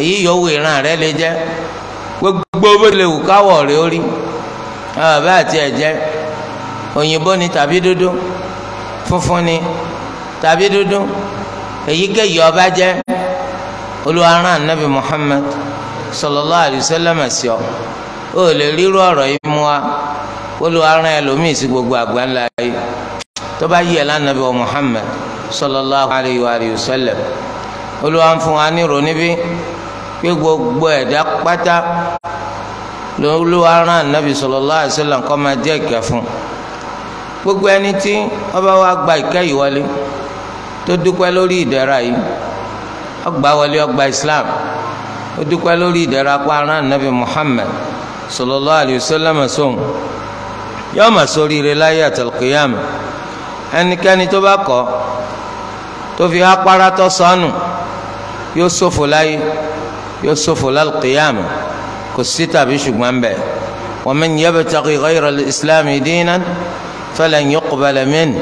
èyí yòówù ìran rẹ lè jẹ́ gbogbo bó lè wù káwọ̀ rẹ ó rí bàbá àti ẹ̀jẹ̀ òyìnbó ni tàbí dúdú funfun ni tàbí dúdú èyíkéyìí ọba jẹ́ olúwa rán anabi muhammed sallallahu alayhi wa sallam sí ọ ó lè rírú ọ̀rọ̀ yìí mú wa olúwa rán ẹlòmíì sí gbogbo àgbáńlá yìí tó bá yẹ lánàbí wa muhammed sallallahu alayhi wa sallam olúwa ń fún wa ní ìrònú bí pé gbogbo ẹ̀dá pátá lọ́lọ́wọ́ aran anabi sallallahu alaihi wasallam kọ́ máa jẹ́ ìkẹ́ fún gbogbo ẹni tí wọ́n bá wá gba ìkẹ́ yìí wọlé tó dúpẹ́ lórí ìdẹ̀ra yìí ọgbà wọlé ọgbà islam ó dúpẹ́ lórí ìdẹ̀rapá aran nabi muhammed sallallahu alayhi wa sallam sóhun yóò mà sórí rẹ̀ láyé àtàlùkìyàmù ẹnikẹ́ni tó bá kọ̀ tó fi apára tó sọnù yóò ṣòfò láyé yóò ṣòfò lálùkìyàmù kò sí tàbí ṣùgbọ́n bẹ́ẹ̀ wa man yabtaghi ghayra al-islami dinan falan yuqbala minhu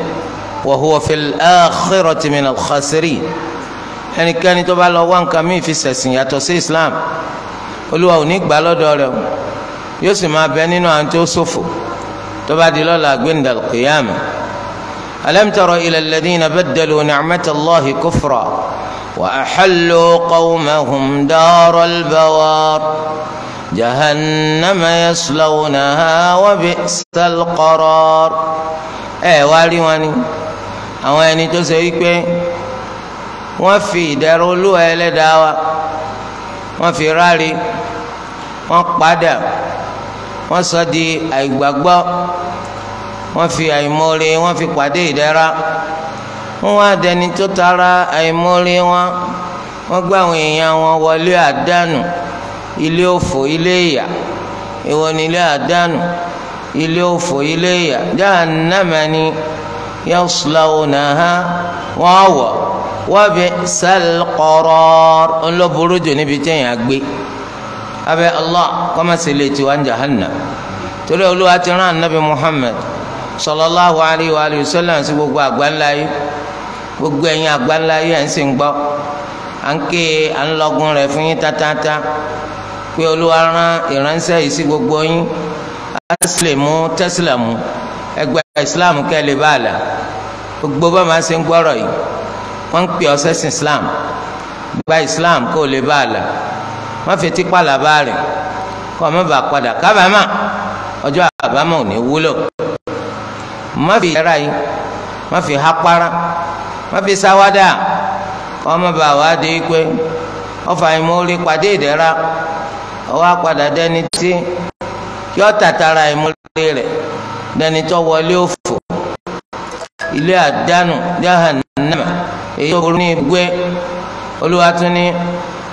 wa huwa fil akhirati minal khasirin ẹnikẹ́ni tó bá lọ wá nǹkan míì fi ṣẹ̀sìn yàtọ̀ sí Islam olúwa ò ní gbà lọ́dọ̀ rẹ̀ o yóò sì máa bẹ nínú àwọn tó ṣòfò tó bá di lọ́la gbẹ̀ndàl kìyàmù alam tara ila alladhina baddalu ni'matallahi kufra wa ahallu qawmahum daral bawar jahannama yaslawnaha wa bi'sal qarar ẹ wá rí wọn àwọn ẹni tó ṣe wípé. wọ́n fi ìdẹ̀rùn olúwa ẹlẹ́dàá wa wọ́n fi ráre wọ́n padà wọ́n sọ di àìgbàgbọ́ wọ́n fi àìmọ̀re wọ́n fi pàdé ìdẹ̀ra wọ́n wá dẹni tó tara àìmọ̀re wọn wọ́n gbá àwọn èèyàn wọn wọlé àdánù ilé òfò ilé ìyà ìwọ ni ilé àdánù ilé òfò ilé ìyà jahannama ni yaslawnaha wọ́n wọ̀. wábẹ sálqọrọr ńlọbùrú jù níbi téèyàn gbé abẹ allah kọmẹsì lè ti wá ń jahanna torí olúwa ti rán anabi muhammed sallallahu alayhi wa sallam sí gbogbo àgbáńlá yìí gbogbo ẹ̀yin àgbáńlá yìí ẹ̀ ń sìn gbọ́ à ń ké à ń lọ́gun rẹ̀ fún yín tátátá pé olúwa rán ìránṣẹ́ yìí sí gbogbo yín asilimu tẹsilamu ẹgbẹ́ islam kẹ́lẹ́ bá a la gbogbo bá máa ṣe ń gbọ́rọ̀ yìí wọ́n ń pè ọ́ sẹ́sìn islam gba islam kó o lè bá a là wọ́n fi tipa làbá rẹ̀ kó o má bàa padà kábàámà ọjọ́ àbámọ̀ ò ní wúlò má fi yẹra yìí má fi hapara má fi sáwádà kó o má bàa wá dé pé ọfà ìmúrí pàdé ìdẹ́ra ọwọ́ apàdà dẹni tí yọ tàtàrà ìmúrí rẹ̀ dẹni tó wọlé òfò ilé àdánù jahannama èyí tó burú ní ibùgbé olúwa tún ní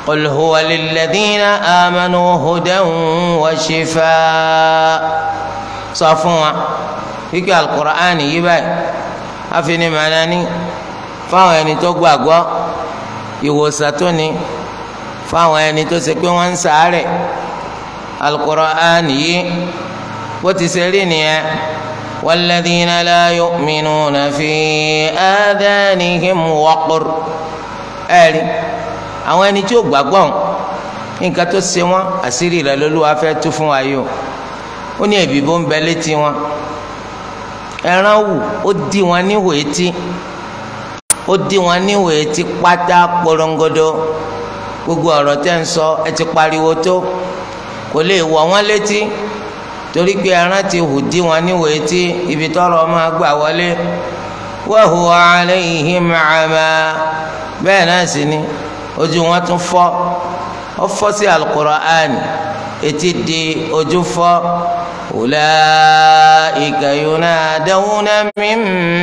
qul huwa lilladhina amanu hudan wa shifaa sọ fún wa wíkẹ́ alukur'an yìí báyìí afinimànání fáwọn ẹni tó gbàgbọ́ ìwòsàn fáwọn ẹni tó ṣe pé wọ́n ń ṣàárẹ̀ alukur'an yìí bó ti ṣe rí nìyẹn. والذين لا يؤمنون في آذانهم وقر ẹ̀rí àwọn ẹni tí ó gbàgbọ́ nǹkan tó ṣe wọn àṣírí rẹ̀ lÓlúwa fẹ́ tú fún wa yìí o ó ní èbìbó ń bẹ létí wọn ẹran wù ó dí wọn níhò etí ó dí wọn níhò etí pátá porongodo gbogbo ọ̀rọ̀ tẹ́ ń sọ ẹ ti pariwo tó kò lè wọ̀ wọ́n létí torí pé ẹran ti hù dí wọn níwèé tí ibi tọrọ máa gbà wọlé wa huwa alayhim ama bẹ́ẹ̀ náà sì ni ojú wọn tún fọ́ ó fọ́ sí al-Qur'an etí di ojú fọ́ ulaika yunadawna min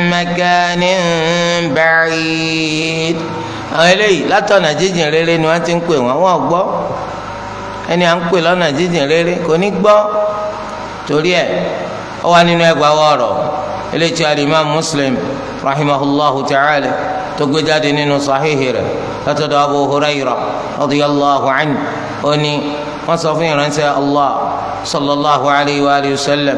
makanin ba'id àwọn eléyìí látọ̀nà jíjìn rere ni wọ́n ti ń pè wọ́n wọ́n gbọ́ ẹni à ń pè lọ́nà jíjìn rere kò ní gbọ́ torí ẹ̀ ó wà nínú ẹgbàá wọ̀ọ̀rọ̀ eléyìí alimam muslim rahimahullahu ta'ala tó gbé jáde nínú sahihi rẹ̀ látọ̀dọ̀ abu hurayra radiyallahu anhu ó ní wọ́n sọ fún ìránṣẹ́ allah sallallahu alayhi wa sallam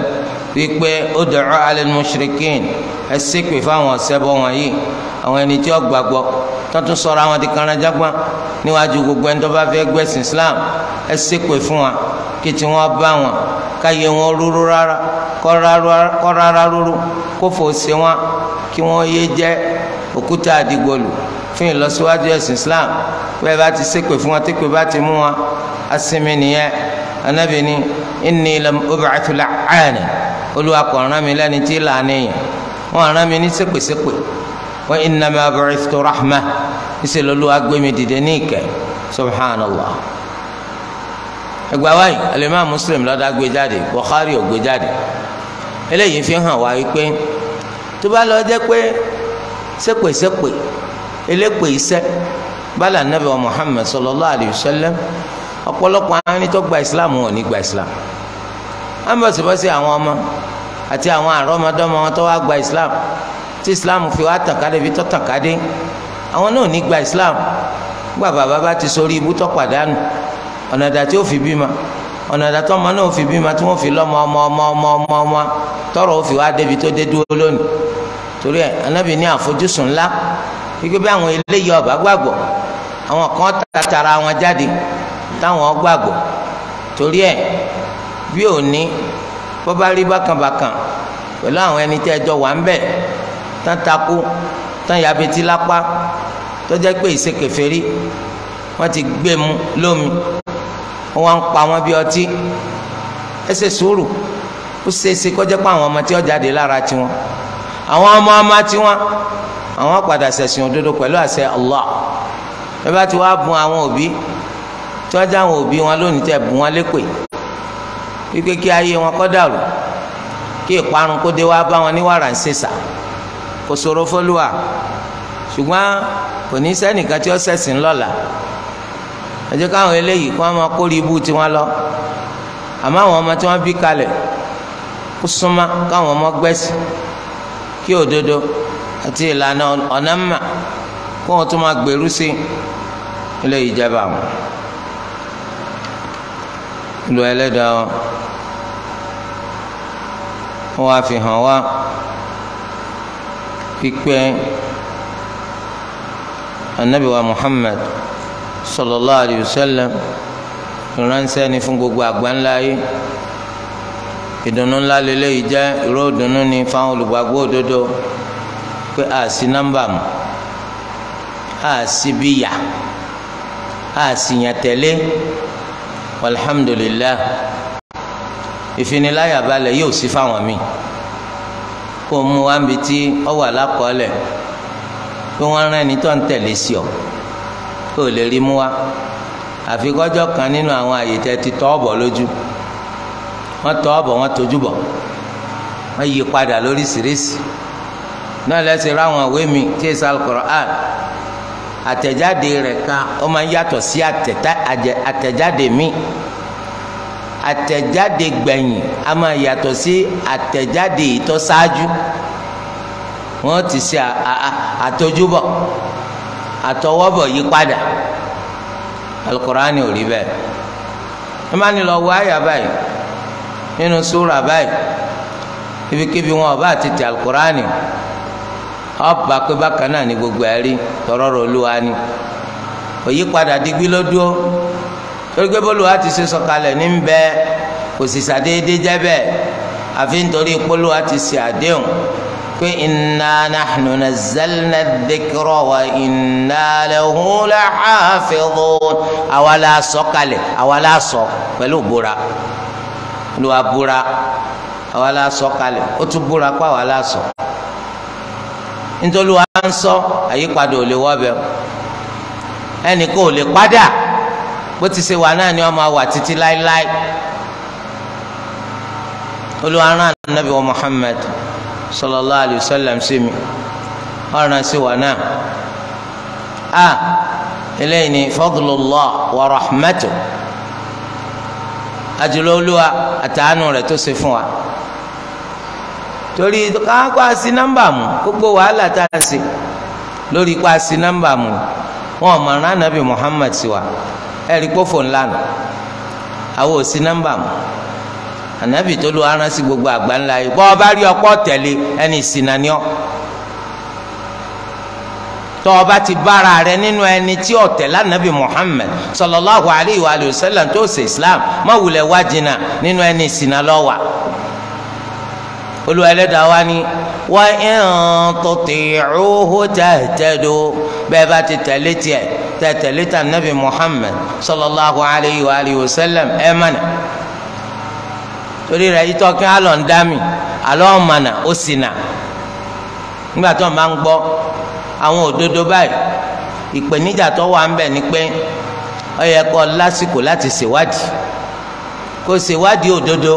wípé ud'u ala al-mushrikin ẹ ṣépè fáwọn ọ̀sẹ́bọ wọ̀nyí àwọn ẹni tí ó gbàgbọ́ tọ́tún sọ̀rọ̀ àwọn ti kanra níwájú gbogbo ẹni tó bá fẹ́ gbẹ̀sìn islam ẹ fún wa kí tí wọ́n bá wọn káyé wọn rúrú rárá kọ́ rárá rúrú kó fò sí wọn kí wọ́n yé jẹ́ òkúta àdìgbòlù fún ìlọsíwájú ẹ̀sìn Islam bẹ́ẹ̀ bá ti ṣépè fún wọn tépè bá ti mú wọn asinmi nìyẹn anabi ni inni lam ub'athu la'ana olúwa mi lẹ́ni tí làánì yẹn wọn rán mi ní ṣépèṣépè wa innama bu'ithtu rahma ìṣèlú olúwa dìde ní ìkẹ́ subhanallah ẹgbàá wáyé alimami muslim lọ́dá gbé jáde bukhari ò gbé jáde eléyìí fi hàn wá wípé tó bá lọ jẹ́ pé sépèsépè elépè iṣẹ́ bala nabi wa muhammad sallallahu alayhi wa sallam ọ̀pọ̀lọpọ̀ àwọn tó gba islam wọn ní gba islam ambasibasi àwọn ọmọ àti àwọn àrọ́mọdọ́mọ wọn tó wá gba islam tí islam fi wá tàn kádé bí tó tàn kádé àwọn náà ní gba islam gbà bàbá bá ti sórí ibú tó pàdánù ọ̀nà àdá tí ó fi bímọ ọ̀nà àdá tó ọmọ náà ó fi bímọ tí wọ́n fi lọ́mọ ọmọ ọmọ ọmọ ọmọ ọmọ tọrọ ó fi wá débi tó dé dúró lónìí torí ẹ anábì ní àfojúsùn ńlá wípé bí àwọn eléyìí ọba gbàgbọ́ àwọn kan tàtàrà wọn jáde táwọn gbàgbọ́ torí ẹ bí òní bó bá rí bákànbákàn pẹ̀lú àwọn ẹni tẹ́ ẹjọ́ wà ń bẹ̀ tán takú tán yabetí lápá tó jẹ́ pé ìṣekèfèrí wọ́n ti gbé mu lómi wọn wá ń pa wọn bí ọtí ẹ ṣe sùúrù ó ṣeéṣe kọjá pé àwọn ọmọ tí ó jáde lára tiwọn àwọn ọmọ ọmọ tiwọn àwọn padà ṣẹ̀sìn òdodo pẹ̀lú àṣẹ Allah ẹ bá ti wá bùn àwọn òbí tí wọ́n já àwọn òbí wọn lónìí tẹ̀ bùn wọn lépè wípé kí ayé wọn kó dàrú kí ìparun kó dé wá bá wọn ní wàrà ń ṣèṣà kò ṣòro fọlùwà ṣùgbọ́n kò ní sẹ́nìkan tí ó ṣẹ̀sìn lọ́la ẹ jẹ́ káwọn eléyìí kó wọn máa kórè ibú tiwọn lọ àmọ́ àwọn ọmọ tí wọ́n bí kalẹ̀ kó súnmọ́ káwọn ọmọ gbẹ̀sì kí òdodo àti ìlànà ọ̀nà mà kó wọn tún máa gbèrú sí ilé ìjẹba wọn. lu ẹlẹ́dàá wọn wọ́n wá fi hàn wá pípẹ́ anabiwa Muhammad sallallahu alayhi wa sallam ni fún gbogbo àgbáńlá yìí ìdùnnú ńlá lélẹ́yìí jẹ́ ìró ìdùnnú ni fáwọn olùgbàgbọ́ òdodo pé àṣì nọ́mbà mu àṣì bíyà àṣì yàn tẹ̀lé alhamdulillah ìfiniláyà balẹ̀ yóò sí fáwọn míì kó o mú bi tí ọ wà pé wọ́n rán ẹni tó ń tẹ̀lé sí ọ ó lè rí mú wa àfi kọjọ kan nínú àwọn àyè tẹ ti tọ́ ọ̀bọ̀ lójú wọ́n tọ́ ọ̀bọ̀ wọ́n tójú bọ̀ wọ́n yí padà lóríṣiríṣi náà lẹ́sẹ̀ ráwọn ìwé mi tí èsì alukoran àtẹ̀jáde rẹ̀ kan ó máa ń yàtọ̀ sí àtẹ̀jáde mi àtẹ̀jáde gbẹ̀yìn a máa yàtọ̀ sí àtẹ̀jáde ìtọ́sáájú wọ́n ti ṣe àtọ́júbọ̀ àtọwọ́bọ̀ yí padà alukurani ò rí bẹ́ẹ̀ ẹ má ní lọ wọ àyà báyìí nínú súra báyìí ibikíbi wọn ọba àti ti alukurani ọba pé bákan náà ní gbogbo ẹ rí tọrọ rẹ olúwa ni òyípadà digbí ló dúró torí pé bólúwa ti ṣe sọ̀kalẹ̀ ní bẹ kò sì ṣàdéédé jẹ́ bẹ́ẹ̀ àfi nítorí polówó ti ṣe àdéhùn pé inna nahnu nazzalna dhikra wa inna lahu lahafidhun àwa la sọ kalẹ̀ àwa la sọ pẹ̀lú búra ló wa búra àwa la sọ kalẹ̀ ó tún búra pé àwa la sọ nítorí wa ń sọ àyípadà ò lè wọ́ bẹ́ẹ̀ ẹnì kan lè padà bó ti ṣe wà náà ni wọ́n máa wà títí láéláé olùwàrán anabi wa Muhammad sallallahu alayhi wa sallam sí mi ọ̀ràn sí wa náà a eléyìí ni fadlullah wa rahmatu àjùlọ olúwa àtàánú rẹ̀ tó ṣe fún wa torí káàkó àṣì nọ́mbà mu gbogbo wàhálà tá a ṣe lórí ipá àṣì nọ́mbà mu wọn mọ rán Muhammad sí wa ẹ rí kófò ńlá nù àwọn ò sí nọ́mbà mu anabi tó lu aránsì gbogbo àgbáńlá yìí bọ́ ọba rí ọpọ́ tẹ̀lé ẹni ìsìnà ni ọ́ tọ́ ọba ti bára rẹ nínú ẹni tí ọ̀tẹ̀ lánàbì Muhammad sallallahu alayhi wa sallam tó ṣe Islam má wulẹ̀ wá jìnnà nínú ẹni ìsìnà lọ́wà olú ẹlẹ́dàá wa ni wa in tuti'uhu tahtadu bẹ́ẹ̀ bá ti tẹ̀lé tiẹ̀ tẹ̀ tà nàbì Muhammad sallallahu alayhi wa sallam ẹ̀ mọ̀nà torí rẹ̀ yìí tọ́kí alọ̀ ń dá mi alọ́ ọ̀mànà ó sì nà nígbà tó máa ń gbọ́ àwọn òdodo báyìí ìpèníjà tó wà ń bẹ̀ ni pé ó yẹ kó lásìkò láti ṣèwádìí kó ṣèwádìí òdodo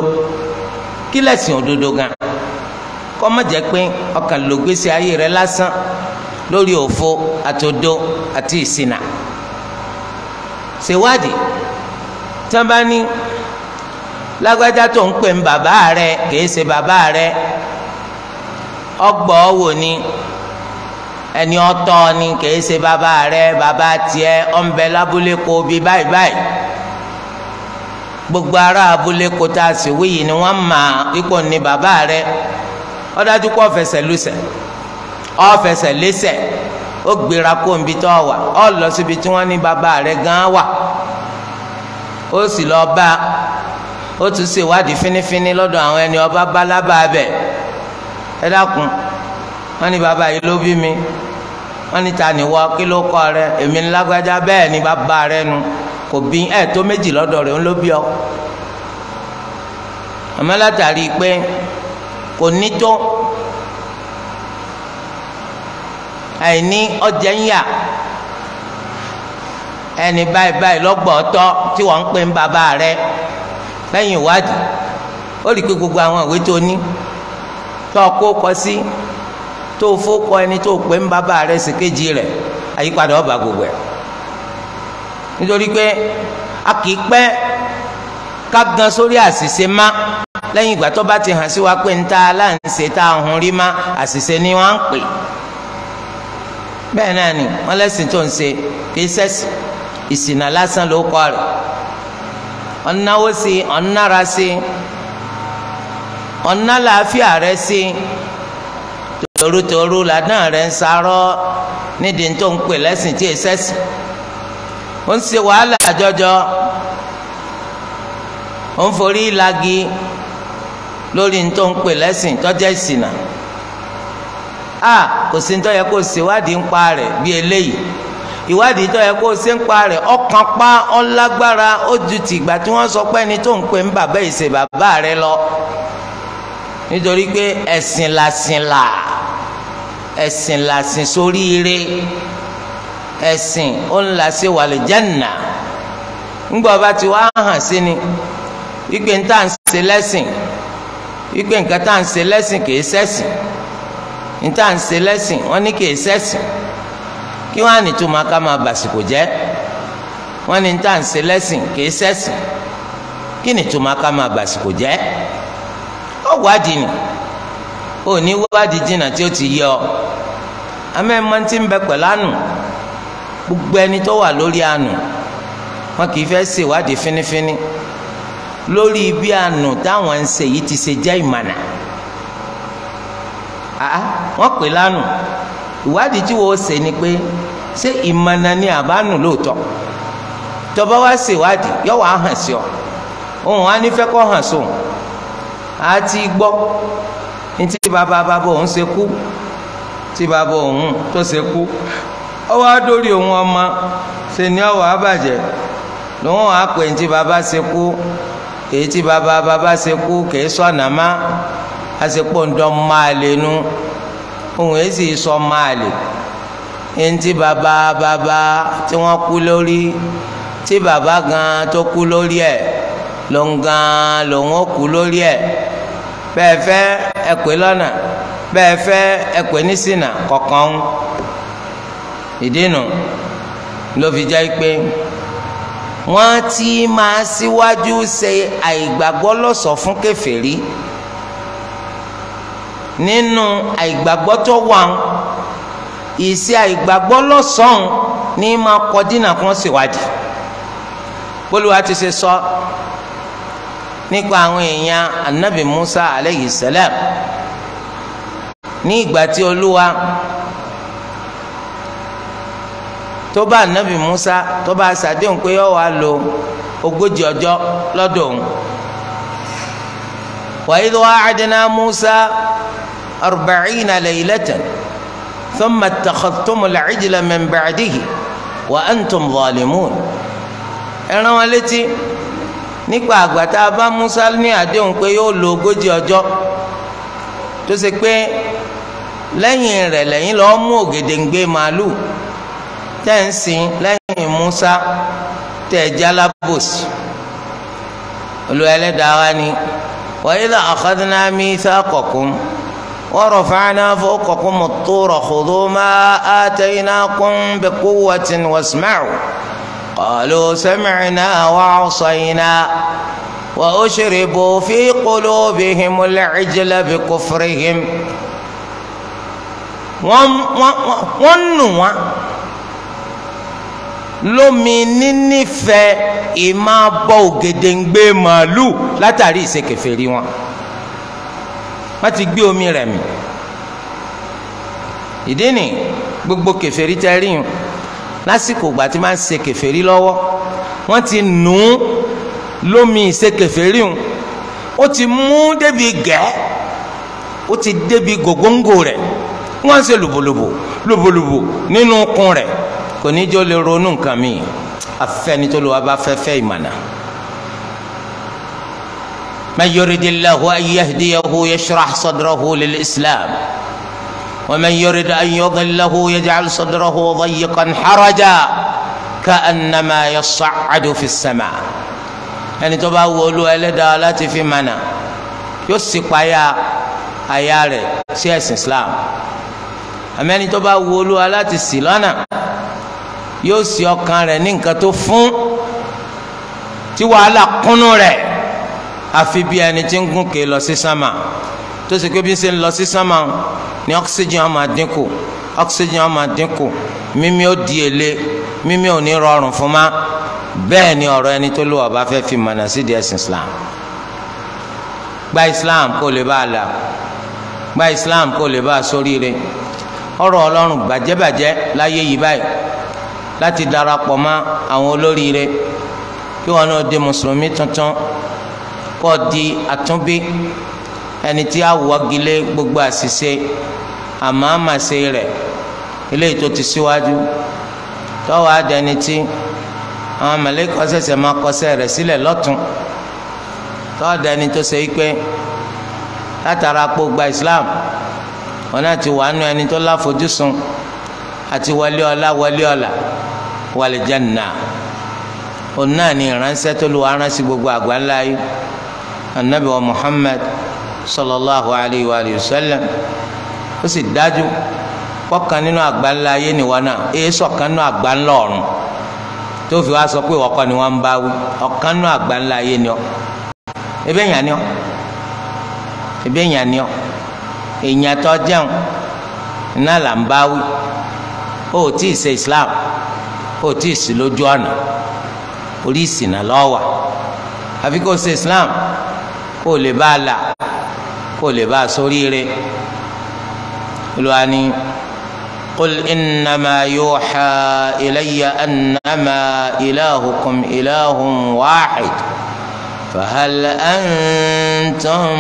kí lẹ̀sìn òdodo gan kó má jẹ́ pé ọkàn ló ayé rẹ lásán lórí òfo àtòdo àti ìṣìnà ṣèwádìí tí wọ́n bá ní lágbájá tó ń pè ń bàbá rẹ kìí ṣe bàbá rẹ ọgbọ wò ni ẹni ọ̀tọ̀ ni kìí ṣe bàbá rẹ bàbá tiẹ ọ̀nbẹ lábúlé kó bí báyìí báyìí gbogbo ará abúlé kó tá a sì wíyì ni wọ́n mà ipò ní bàbá rẹ ọdájú kó ọ̀fẹsẹ̀ lùsẹ̀ ọ̀fẹsẹ̀ lẹ́sẹ̀ ó gbéra kó nbí tó wà ó lọ síbi tí wọ́n ní bàbá rẹ gan wà ó sì lọ bá a ó tún ṣèwádìí fínífíní lọ́dọ̀ àwọn ẹni ọba bálábà bẹ̀ ẹ dákun wọ́n ní bàbá yìí ló bí mi wọ́n ní ta ni wọ́ kí ló kọ́ rẹ èmi ń lágbájá bẹ́ẹ̀ ni bàbá rẹ nu kò bí ẹ tó méjì lọ́dọ̀ rẹ ń ló bí ọ. àmọ́ látàrí pé kò ní tó àìní ọjà ń yà ẹni báyìí báyìí lọ́gbọ̀ọ́tọ́ tí wọ́n ń pè ń bàbá rẹ. lẹ́yìn ìwádìí ó rí i pé gbogbo àwọn ìwé tó ní tó o kó kọ sí tó o fó ẹni tó o pè ń bàbá rẹ̀ sí kejì rẹ̀ àyípadà ọba gbogbo ẹ̀ nítorí pé a kì í pẹ́ ká gan sórí àṣìṣe má lẹ́yìn ìgbà tó bá ti hàn sí wa pé ń ta aláǹṣe tá a hun rí má àṣìṣe ni wọ́n á ń pè bẹ́ẹ̀ náà ni wọ́n lẹ́sìn tó ń ṣe kì í ìsìnà lásán ló kọ́ rẹ̀ ọ̀nàwó sí ọ̀nàra sí ọ̀nà rẹ sí torútorú làdán rẹ ń sarọ́ nídìí tó ń pè lẹ́sìn tí èsẹ́ sí ó ń ṣe wàhálà jọjọ ó ń forí lagi lórí tó ń pè lẹ́sìn tọ́jẹ́ ìsìnà a kò sí ní tó yẹ kó ń pa rẹ̀ bí eléyìí. ìwádìí tó yẹ kó o ṣe ń pa rẹ̀ ọkàn pa ọlágbára ó ju tìgbà tí wọ́n sọ pé ẹni tó ń pè ń bàbá ìṣe bàbá rẹ̀ lọ nítorí pé ẹ̀sìn làsìn là ẹ̀sìn làsìn sóríire ẹ̀sìn ó ń là sí wàlẹ̀ jẹ́nà ńgbọ́ bá ti wá hàn sí ni wípé ń ń ṣe lẹ́sìn wípé nǹkan ń ṣe lẹ́sìn kìí ṣẹ̀sìn ń ń ṣe lẹ́sìn wọ́n ní kìí ṣẹ̀sìn. kí wọ́n á nìtumọ̀ ká máa bàsìkò jẹ́ wọ́n ní tá à ń ṣe lẹ́sìn kì í ṣẹ̀sìn kí nìtumọ̀ ká máa bàsìkò jẹ́ ó wádìí ni ó ní wádìí jìnnà tí ó ti yẹ ọ amẹ́ mọ́ ti ń bẹ pẹ̀lú àánú gbogbo ẹni tó wà lórí àánú wọn kì í fẹ́ ṣèwádìí fínífíní lórí bí àánú táwọn ń ṣe yìí ti ṣe jẹ́ ìmànà àá wọ́n pè lánàá ìwádìí tí wọ́n se ni pé ṣé ìmọ̀nà ni àbánu lóòótọ́ tọba wa ṣèwádìí yọ wàá hàn sí ọ òun á nífẹ̀ẹ́ kọ́ hàn sóun á ti gbọ́ ní tí bàbá bàbá òun ṣe kú tí bàbá òun tó ṣe kú ó wá dórí òun ọmọ ṣe ni ọwọ́ àbàjẹ́ lòun á pè ní tí bàbá ṣe kú èyí tí bàbá bàbá ṣe kú kìí sọ ànàmá àṣepọ̀ ń dán máa lè nu òun èyí sọ máa lè eŋti baba baba, tí wọ́n kú lórí tí bàbá gan tó kú lórí ẹ̀ ló ń gan lòun ó kú lórí ẹ̀ bẹ́ẹ̀ fẹ́ ẹ pè lọ́nà bẹ́ẹ̀ fẹ́ ẹ pè nísìnà kọ̀ọ̀kan ìdínú ló fi jẹ́ pé wọ́n ti máa síwájú ṣe àìgbàgbọ́ lọ́sọ̀ fún kèfèrí nínú àìgbàgbọ́ tó wà ń ìṣe àìgbàgbọ́ lọ́sàn-án ní máa kọ dínà kan ṣèwádìí bólúwa ti ṣe sọ nípa àwọn èèyàn anabi Musa aleyhi salam ní ìgbà tí olúwa tó bá anabi Musa tó bá ṣàdéhùn pé yóò wá lò ogójì ọjọ́ lọ́dọ̀ òun wa idh wa'adna Musa arba'ina laylatan thumma ittakhadhtumul ijla min ba'dihi wa antum zalimun ẹ rán wọn létí nípa àgbàtà bá Musa ní àdéhùn pé yóò lo ogójì ọjọ́ tó ṣe pé lẹ́yìn rẹ̀ lẹ́yìn lọ́ọ́ mú ògèdèǹgbé màálù tẹ́ ń sìn lẹ́yìn Musa tẹ́ ẹ jálábòsì olùwẹ̀lẹ́dàá wa ni wa idha akhadna mithaqakum. ورفعنا فوقكم الطور خذوا ما آتيناكم بقوة واسمعوا قالوا سمعنا وعصينا وأشربوا في قلوبهم العجل بكفرهم والنوى lómi nínífẹ̀ẹ́ ìmáa bọ́ ògèdèǹgbè màálù látàrí ìṣekèfèrí wọn wọ́n ti gbé omi rẹ̀ mì ìdí ni gbogbo kèfèrí tẹ́ rí yun lásìkò ìgbà tí máa ń ṣe kèfèrí lọ́wọ́ wọ́n ti nù ú lómi ìṣe kèfèrí yun ó ti mú débi gẹ́ ó ti débi gògóńgò rẹ̀ wọ́n ṣe lòbòlòbò lòbòlòbò nínú okun rẹ̀ kò ní jọ lè ronú nǹkan mi àfẹnitọ́lùwà bá fẹ́ fẹ́ ìmọ̀nà. من يرد الله أن يهديه يشرح صدره للإسلام ومن يرد أن يضله يجعل صدره ضيقا حرجا كأنما يصعد في السماء يعني تبا ولو ألدا لا تفي منا يسقى يا أيالي سياس الإسلام àmẹ́ni tó bá wo olúwa láti ṣì lọ́nà yóò ṣì ọkàn rẹ̀ ní nǹkan tó fún àfi bí ẹni tí ń gùnkè lọ sí sámà tó sì pé bí ń ṣe lọ sí sámà ni oxygen á máa dínkù oxygen á máa dínkù mímí ó di èlé mímí ò ní rọrùn fún ma bẹ́ẹ̀ ni ọ̀rọ̀ ẹni tó lò ọba fẹ́ fi mọ̀nà sí díẹ̀ sí islam gba islam kó lè bá a là gba islam kó lè bá a sóríire ọ̀rọ̀ ọlọ́run bàjẹ́bàjẹ́ láyé yìí báyìí láti darapọ̀ mọ́ àwọn olóríire kí wọn náà di mùsùlùmí tuntun kọ́ di àtúnbí ẹni tí a wọ́gilé gbogbo àṣìṣe àmàmàṣe rẹ̀ eléyìí tó ti síwájú tọ́wọ́ adẹni tí àwọn mẹ̀lẹ́kọ́ ṣẹ̀ṣẹ̀ máa kọsẹ̀ rẹ̀ sílẹ̀ lọ́tún tọ́wọ́ adẹni tó ṣe wípé látara kó gba Islam wọn náà ti wà nù ẹni tó láfojúsùn àti wọlé ọlá wọlé ọlà wal janna òun náà ni ìránṣẹ́ tó lu aránṣẹ́ gbogbo àgbáńlá yìí. anabi wa muhammad sallallahu alayhi wa sallam ó sì dájú kọkàn nínú àgbáńlá ayé nìwọ náà èyí sọkàn nínú àgbáńlá ọ̀run tó fi wá sọ ni wọn ń bá wí ọkàn nínú ni ọ ebe èèyàn ni ọ ebe èèyàn ni ọ èèyàn tó islam islam. kó o lè bá a là kó o lè bá a sóríire olùwàní qul innama yuha ilayya annama ilahukum ilahun wahid fahal antum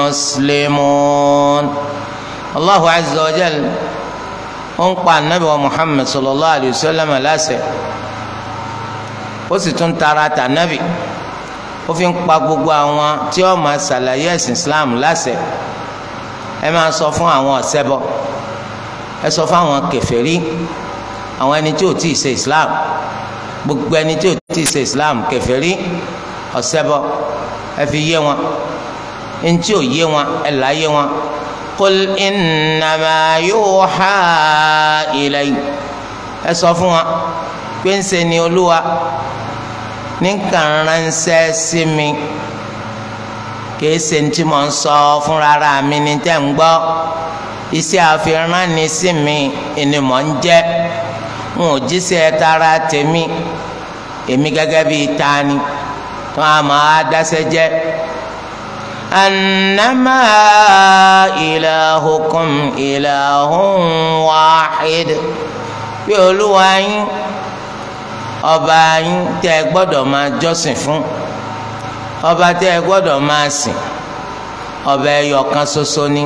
muslimun allahu azza wa jal ó ń pa anabi wa muhammad sallallahu alayhi wa sallam láṣẹ ó sì tún tara ta anabi ó fi ń pa gbogbo àwọn tí ó máa ṣàlàyé ẹ̀sìn islam láṣẹ ẹ máa sọ fún àwọn ọ̀ṣẹbọ ẹ sọ fún àwọn kèfèrí àwọn ẹni tí ò tí ì ṣe islam gbogbo ẹni tí ò tí ì ṣe islam kèfèrí ọ̀ṣẹbọ ẹ fi yé wọn ẹni tí ò yé wọn ẹ là á yé wọn. qul innama yuha ilay ẹ sọ fún wa pé ń ṣe ni olúwa nǹkan ránṣẹ́ sí mi kìí ṣe ní tí mo ń sọ fúnra mi ní tẹ́ ń gbọ́ iṣẹ́ àfihàn ni sí mi ni mò ń jẹ́ n ò jíṣẹ́ tara tèmi èmi gẹ́gẹ́ bíi tani tó a máa dáṣẹ́ jẹ́ annama ilahukum ilahun wahid bí olúwa yín. ọba yín tẹ ẹ gbọ́dọ̀ máa jọsìn fún ọba tẹ ẹ gbọ́dọ̀ máa sìn ọba ẹyọ kan soso ni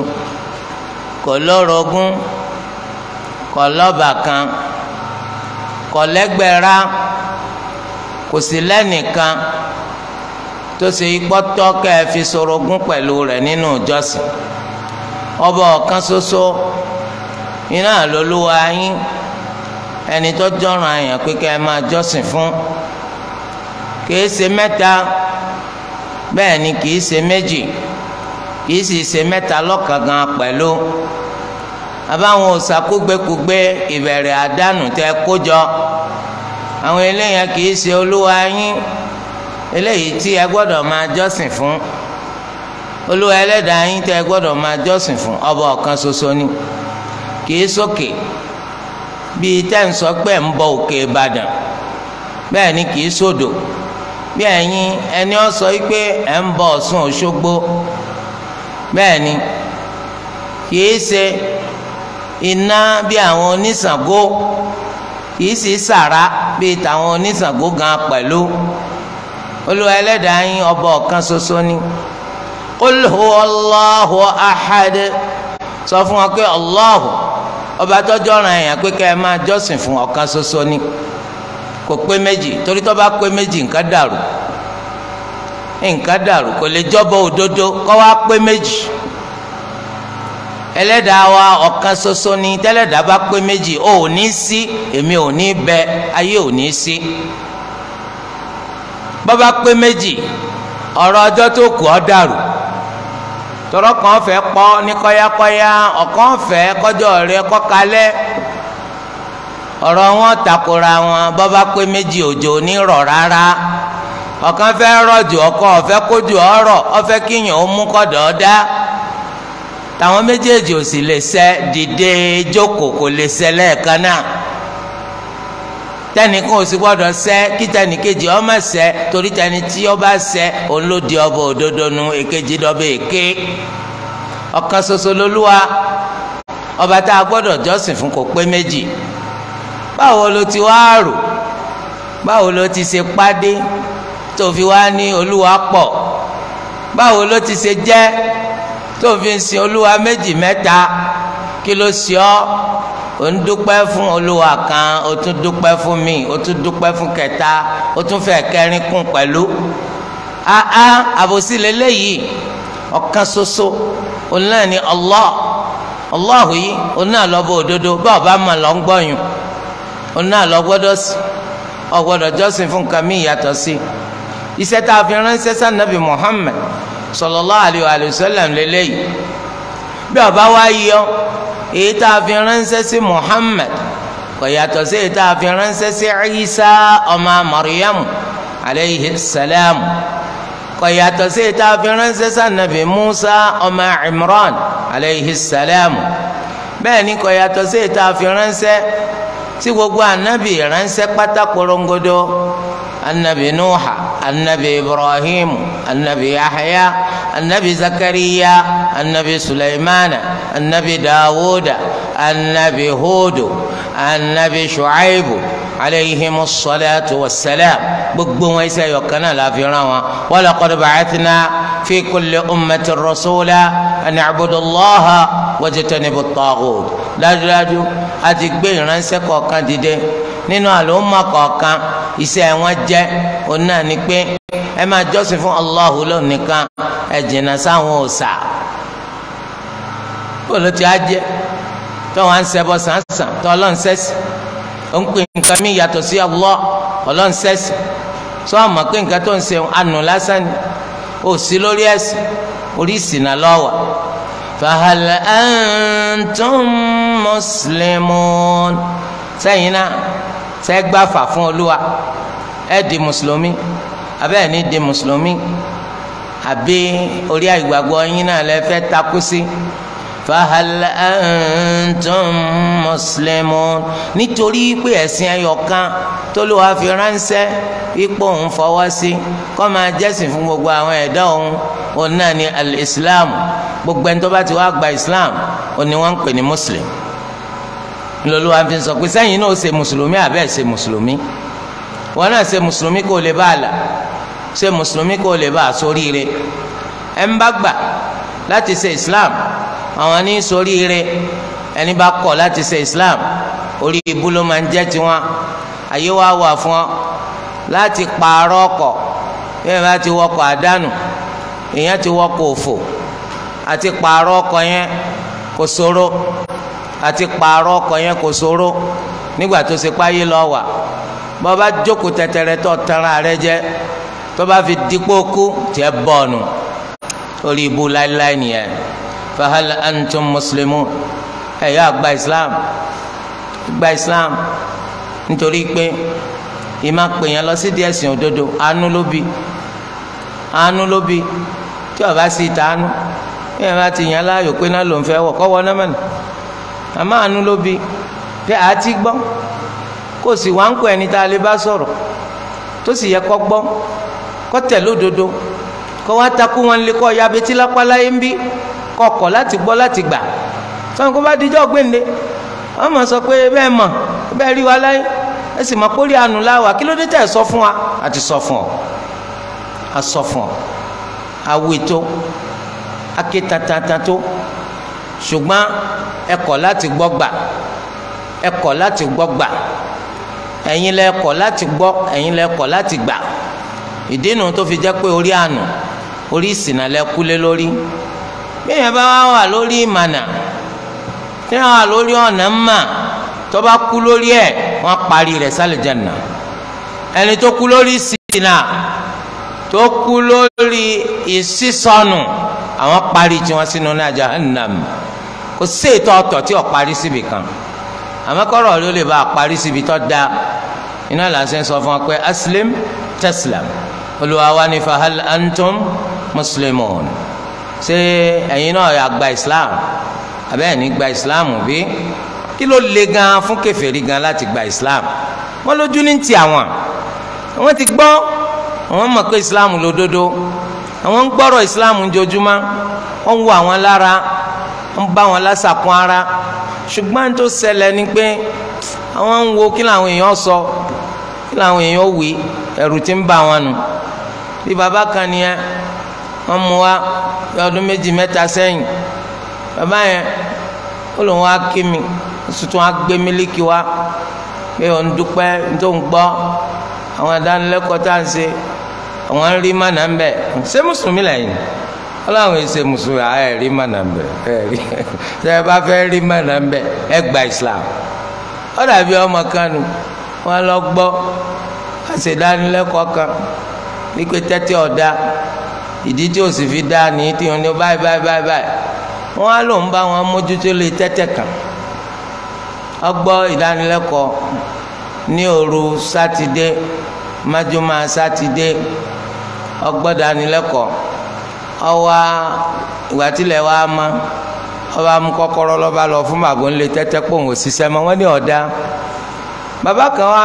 kò lórogún kò lọ́bàkan kò lẹ́gbẹ̀rá kò sí lẹ́nìkan tó ṣe ìgbọ́tọ́ kẹ́ ẹ fi ṣorogún pẹ̀lú rẹ̀ nínú ìjọsìn ọba ọ̀kan ṣoṣo iná ẹni tó jọràn àyàn pé kẹ́ ẹ máa jọ́sìn fún kìí ṣe mẹ́ta bẹ́ẹ̀ ni kìí ṣe méjì kìí sì ṣe mẹ́ta lọ́kàn gan pẹ̀lú àbáwọn òṣàkúgbèkúgbè ìbẹ̀rẹ̀ àdánù tẹ́ kójọ àwọn eléyàn kìí ṣe olúwa yín eléyìí tí ẹ gbọ́dọ̀ máa jọ́sìn fún olúwa ẹlẹ́dàá yín tẹ́ gbọ́dọ̀ máa jọ́sìn fún ọba ọ̀kan ṣoṣo ni kìí sókè. So bíi tẹ́ ń sọ pé ń bọ òkè ìbàdàn bẹ́ẹ̀ ni kì í sódò bí ẹ̀yin ẹni ọ sọ pé ẹ̀ ń bọ ọ̀ṣun òṣogbo bẹ́ẹ̀ ni kì í ṣe iná bí àwọn oníṣàngó kì í sì sàrà bíi tàwọn oníṣàngó gan pẹ̀lú olúwa ẹlẹ́dàá yín ọba ọ̀kan ṣoṣo ni qul huwa Allahu ahad sọ fún wa pé ọba tọjọ ọ̀ràn èèyàn pé ká ẹ máa jọ́sìn fún ọ̀kan ṣoṣo ni kò pé méjì torí tó bá pé méjì nǹkan dàrú nǹkan dàrú kò lè jọ́bọ̀ òdodo kọ wá pé méjì ẹlẹ́dàá wa ọ̀kan ṣoṣo ni tẹ́lẹ̀dàá bá pé méjì ó ò ní sí èmi ò ní bẹ ayé ò ní sí bọ́ bá pé méjì ọ̀rọ̀ ọjọ́ tó kù ọ́ dàrú. tọrọ kan fẹ́ pọ̀ ní kọyakọya ọ̀kan fẹ́ kọjọ rẹ̀ kọkalẹ ọ̀rọ̀ wọn takora wọn bọba pé méjì òjò ní rọ̀ rárá ọ̀kan fẹ́ rọ̀jò ọkọ ọfẹ kójú ọ̀rọ̀ ọfẹ kíyàn ó mú kọdọ dá táwọn méjèèjì ò sì lè ṣe dìde jókòó kò lè ṣe lẹ́ẹ̀kan náà tẹnìkan ò sì gbọ́dọ̀ ṣẹ kí tẹnìkejì ó má ṣẹ torí tẹni tí ó bá ṣẹ òun ló di ọba òdodo nu èkejì dọbẹ èké ọ̀kan ṣoṣo lolúwa ọba tá a gbọ́dọ̀ jọ́sìn fún kò pé méjì báwo ló ti wá rò báwo ló ti ṣe pàdé tó fi wá ní olúwa pọ̀ báwo ló ti ṣe jẹ́ tó fi ń sin olúwa méjì mẹ́ta kí ló ṣe ọ́ o ń dúpẹ́ fún olúwa kan o tún dúpẹ́ fún mi o tún dúpẹ́ fún kẹta o tún fẹ́ kẹrin kún pẹ̀lú aa àbòsí lélẹ́yìí ọ̀kan ṣoṣo òun ni Allah Allah yìí lọ bọ òdodo bá ọba mọ̀ lọ ń gbọ́yùn òun lọ gbọ́dọ̀ sí jọ́sìn fún nǹkan mí ìyàtọ̀ iṣẹ́ tá a fi ránṣẹ́ sànàbì Muhammad sallallahu lélẹ́yìí bí ita tá a fi ránṣẹ́ sí Muhammad kò yàtọ̀ sí èyí tá a fi ránṣẹ́ sí Isa ọmọ Maryam alayhi salam kò yàtọ̀ sí èyí tá a fi ránṣẹ́ sí anabi Musa ọmọ Imran alayhi salam bẹ́ẹ̀ ni kò yàtọ̀ sí èyí tá a fi ránṣẹ́ sí gugu anabi ránṣẹ́ pátá porongodo anabi nuuxa anabi ibrahim anabi yaxya anabi zakariya anabi suleymana. anabi dawuda anabi hudu anabi shuaibu aleyhimu salatu wa salam gbogbo wọn iṣẹ́ yọkan náà la fi rán wọn wala qad ba'athna fi kulli ummati rasula an a'budu allaha wajtanibu at-taghut dájúdájú a ti gbé ìránṣẹ́ kọ̀ọ̀kan dìde nínú àlùmọ kọ̀ọ̀kan iṣẹ́ wọn jẹ òun náà ni pé ẹ máa jọ́sìn fún Allahu lónìkan ẹ jìnnà sáwọn òòṣà bọ́ọ̀lù tí a jẹ́ tó wọn ń sẹ́bọ̀ sàǹsàn tó ọlọ́run sẹ́sì ó ń pè nǹkan mi yàtọ̀ sí Allah ọlọ́run sẹ́sì tó àmọ́ pé nǹkan tó ń ṣe ànú lásán ni ó sí lórí ẹ̀sìn orí ìsìn lọ́wọ́ fahal antum muslimun sẹ́yìn náà sẹ́ gbáfà fún olúwa ẹ̀ di mùsùlùmí abẹ́ẹ̀ ní di mùsùlùmí àbí orí àgbàgbọ́ yín náà lẹ́ fẹ́ takú sí fahal antum muslimun nítorí pé ẹ̀sìn ẹyọkan tó ló wàá fi ránṣẹ́ ipò òun fọwọ́ sí kó máa jẹ́sìn fún gbogbo àwọn ẹ̀dá òun òun náà ni al-islam gbogbo ẹni tó bá ti wá gba islam òun ni wọ́n ń pè ní muslim lọ́lọ́wọ́ àfi sọ pé sẹ́yìn náà ṣe mùsùlùmí àbẹ́ẹ̀ ṣe mùsùlùmí wọn náà ṣe mùsùlùmí kó lè bá àlà ṣe mùsùlùmí kó lè bá àsoríire ẹ̀ ń bá gbà láti ṣe islam àwọn ní ṣoríire ẹni bá kọ̀ láti ṣe islam orí ibú ló máa ń jẹ́ tiwọn àyè wá wà fún ọ láti pààrọ̀ ọkọ̀ bẹ́ẹ̀ bá ti wọkọ̀ àdánù èèyàn ti wọkọ̀ òfò àti pààrọ̀ ọkọ̀ yẹn kò ṣòro àti pààrọ̀ ọkọ̀ yẹn kò ṣòro nígbà tó ṣe páyé lọ wà bọ́ bá jókòó tẹ̀tẹ̀rẹ̀ tó tanra rẹ jẹ́ tó bá fi dípò kú tiẹ̀ bọ̀ọ̀nù orí ibú láéláé nìyẹn. fahal antum muslimun ẹ̀yà agba islam agba islam nítorí pé ìmá pèèyàn lọ sí díẹ̀ sìn òdodo ló bi ló bi tí ó bá sì tàánú bí ẹ bá ti yàn láàyò pé náà ló ń fẹ́ wọ̀ kọ́ wọ náà mọ̀nà àmọ́ àánú ló bi pé gbọ́ kò sì wá ń kó ẹni tá a lè bá sọ̀rọ̀ yẹ kọ́ ya betí lápá láyé ń kọkọ̀ láti gbọ́ láti gbà sọ́n kó bá dijọ́ gbéǹde wọ́n mọ̀ sọ pé bẹ́ẹ̀ mọ̀ bẹ́ẹ̀ rí wa láyé ẹ sì mọ̀ kórìí àánú láwà kí ló dé tẹ̀ sọ fún wa àti sọ fún ọ a sọ fún ọ aweto ake tatatato ṣùgbọ́n ẹ kọ̀ láti gbọ́ gbà ẹ kọ̀ láti gbọ́ gbà ẹ̀yin lẹ kọ̀ láti gbọ́ ẹ̀yin lẹ kọ̀ láti gbà ìdí nu tó fi jẹ́ pé orí àánú orí ìsìnà kúlé lórí bẹ́ẹ̀ bá wà lórí ìmànà tí wọ́n wà lórí ọ̀nà mà tó bá kú lórí ẹ̀ wọ́n parí rẹ̀ sálẹ̀ jẹ̀nà ẹni tó kú lórí sìnà tó kú lórí ìsísọnù àwọn parí tiwọn sínú náà jahannam kò sí ètò ọ̀tọ̀ tí ò parí síbi kan àmọ́ ló lè bá a parí síbi tó da iná làásẹ̀ sọ fún wa pé aslim taslam olùwàwa ni fahal antum muslimun ṣé ẹ̀yin náà yà gba islam abẹ́ẹ̀ gba islam bí kí ló le gan fún kèfèrí gan láti gba islam wọ́n lójú ní ti àwọn wọ́n ti gbọ́ àwọn mọ̀ pé islam lódodo àwọn ń gbọ́rọ̀ islam jojúmọ́ wọ́n ń wo àwọn lára ń bá wọn lásàkún ara ṣùgbọ́n tó ṣẹlẹ̀ ni pé àwọn ń wo kí làwọn èèyàn sọ kí làwọn èèyàn wí ẹ̀rù ti ń bà wọn nù bí baba kan nìyẹn wọn mú wa ọdún méjì mẹta sẹ́yìn bàbá yẹn ó lóun wá kí mi ó sì gbé mílíkì pé òun dúpẹ́ tó ń gbọ́ àwọn ìdánilẹ́kọ̀ọ́ tá à ń ṣe àwọn ń rí mànà ń bẹ̀ ṣé mùsùlùmí lẹ́yìn ọlọ́run ṣe mùsùlùmí ẹ̀ rí mànà ń bẹ̀ bá fẹ́ rí mànà ń bẹ̀ gba Islam ó dàbí ọmọ kan nù lọ gbọ́ ìdí tí o sì fi dá ní tí o ní báyìí báyìí báyìí báyìí wọn á lò bá wọn mójútó lè tẹ́tẹ̀ kan ọgbọ́ ìdánilẹ́kọ̀ọ́ ní òru sátidé májúmá sátidé ọgbọ́ ìdánilẹ́kọ̀ọ́ ọwọ́ ìgbà tílẹ̀ wá ọba mú kọ́kọ́rọ́ lọ́ba lọ fún ńlẹ̀ tẹ́tẹ́ pò ń mọ́ wọ́n ní ọ̀dá bàbá kan wá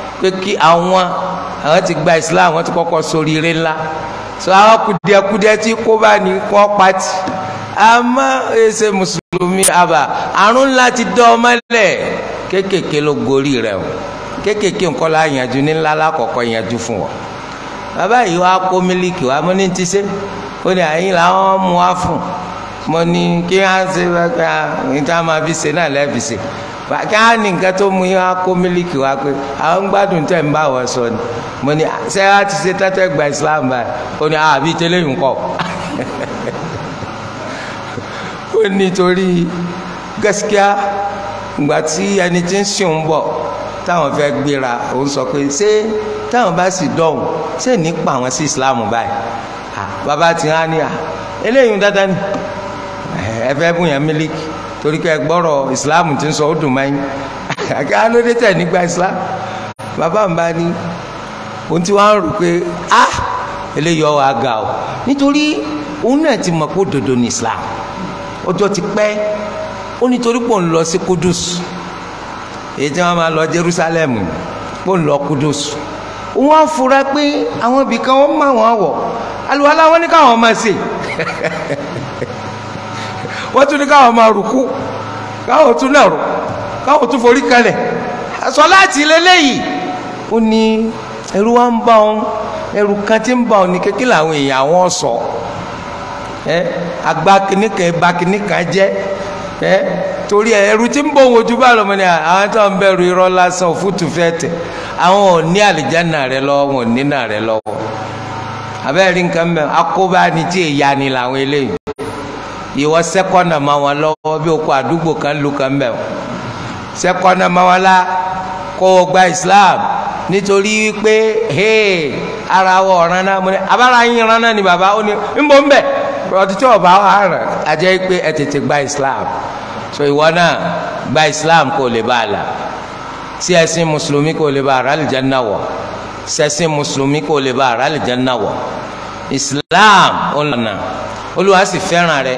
pé kí àwọn àwọn ti gba islam wọ́n ti kọ́kọ́ sórí eré ńlá so àwọn kùdìẹ̀kùdìẹ̀ tí kó bá ní kó pati àmọ́ ẹsẹ mùsùlùmí àbà àrùn ńlá ti dán ọmọ lẹ kéékèèké ló gorí rẹ o kéékèèké nǹkan la yànjú ní ńlá lákọ̀ọ́kọ́ yànjú fún ọ bàbá yìí wàá kó mílíkì wàá mú ní ti ṣe ó ní àyín làwọn mú wá fún mo ní kí wọ́n ṣe bá níta máa fi ṣe náà lẹ́ẹ̀ fi ṣe kí á ní nǹkan tó mú yín wá kó mílíkì wá pé àwọn gbádùn tẹ̀ ń bá wọ sọ ni mo ní ṣé wàá ti ṣe tẹ́tẹ́ gba Islam báyìí ó ní àbí tẹ́lẹ̀ ń kọ́ ó ní torí gaskiya ìgbà tí ẹni tí ń sìn ń bọ̀ táwọn fẹ́ gbéra òun sọ pé ṣé táwọn bá sì dọ̀hùn ṣé nípa àwọn sí Islam báyìí bàbá tí wọ́n á ní à eléyìí dáadáa ni ẹ fẹ́ bùn yẹn mílíkì torí pé ẹgbọ́rọ̀ islam ti ń sọ ó dùn mẹ́yìn àkẹ́ alóde ah, tẹ̀ nígbà islam bàbá mi bá ní ohun tí wọ́n rò pé ah eléyìí ọ̀ àga o nítorí òun náà ti mọ̀ pé dòdò ní islam ọjọ́ ti pẹ́ ó nítorí pò ń lọ sí kudus èyí tí wọ́n máa lọ jerusalem pò ń lọ kudus wọ́n á fura pé àwọn ibìkan wọ́n máa wọ́n wọ̀ àlùwàlá wọn ní káwọn máa ṣe wọ́n tún ní káwọn máa rùkú káwọn tún nàró káwọn tún forí kalẹ̀ sọ láti lélẹ́yìí ó ní ẹrú wa ń bá wọn ẹrù kan tí ń bá wọn ní kékeré làwọn èèyàn àwọn sọ ẹ àgbà kìnnìkan ìbá kìnnìkan jẹ ẹ torí ẹrù tí ń bọ̀ wọn ojú bá lọ́mọ ni àwọn tó ń bẹ̀rù irọ́ lásán òfútu fẹ́ tẹ̀ àwọn ò ní àlìjáná rẹ lọ́wọ́ wọn ò ní nà rẹ lọ́wọ́ abẹ́rẹ́ nǹkan mẹ́rin akóbá ni tí èèyàn ni làwọn eléyìí ìwọ sẹ́kọ̀nà ma wọn lọ́wọ́ bí o kọ àdúgbò kan lu kan bẹ̀ o sẹ́kọ̀nà ma wọn la kó o gba Islam nítorí pé hey ara wọ ọ̀ràn náà mo ní abára yín ran náà ni bàbá ó ní ń bọ̀ ń bẹ̀ ọtí tí ọba wa ràn àjẹ́ pé ẹ tètè gba Islam so ìwọ náà gba Islam kó o lè bá a là sí ẹ̀sìn mùsùlùmí kó o lè bá ara lè jẹ́ náà wọ̀ sẹ́sìn mùsùlùmí kó lè bá ara lè jẹ́ náà wọ̀ Islam ó lànà Olúwa sì fẹ́ràn rẹ̀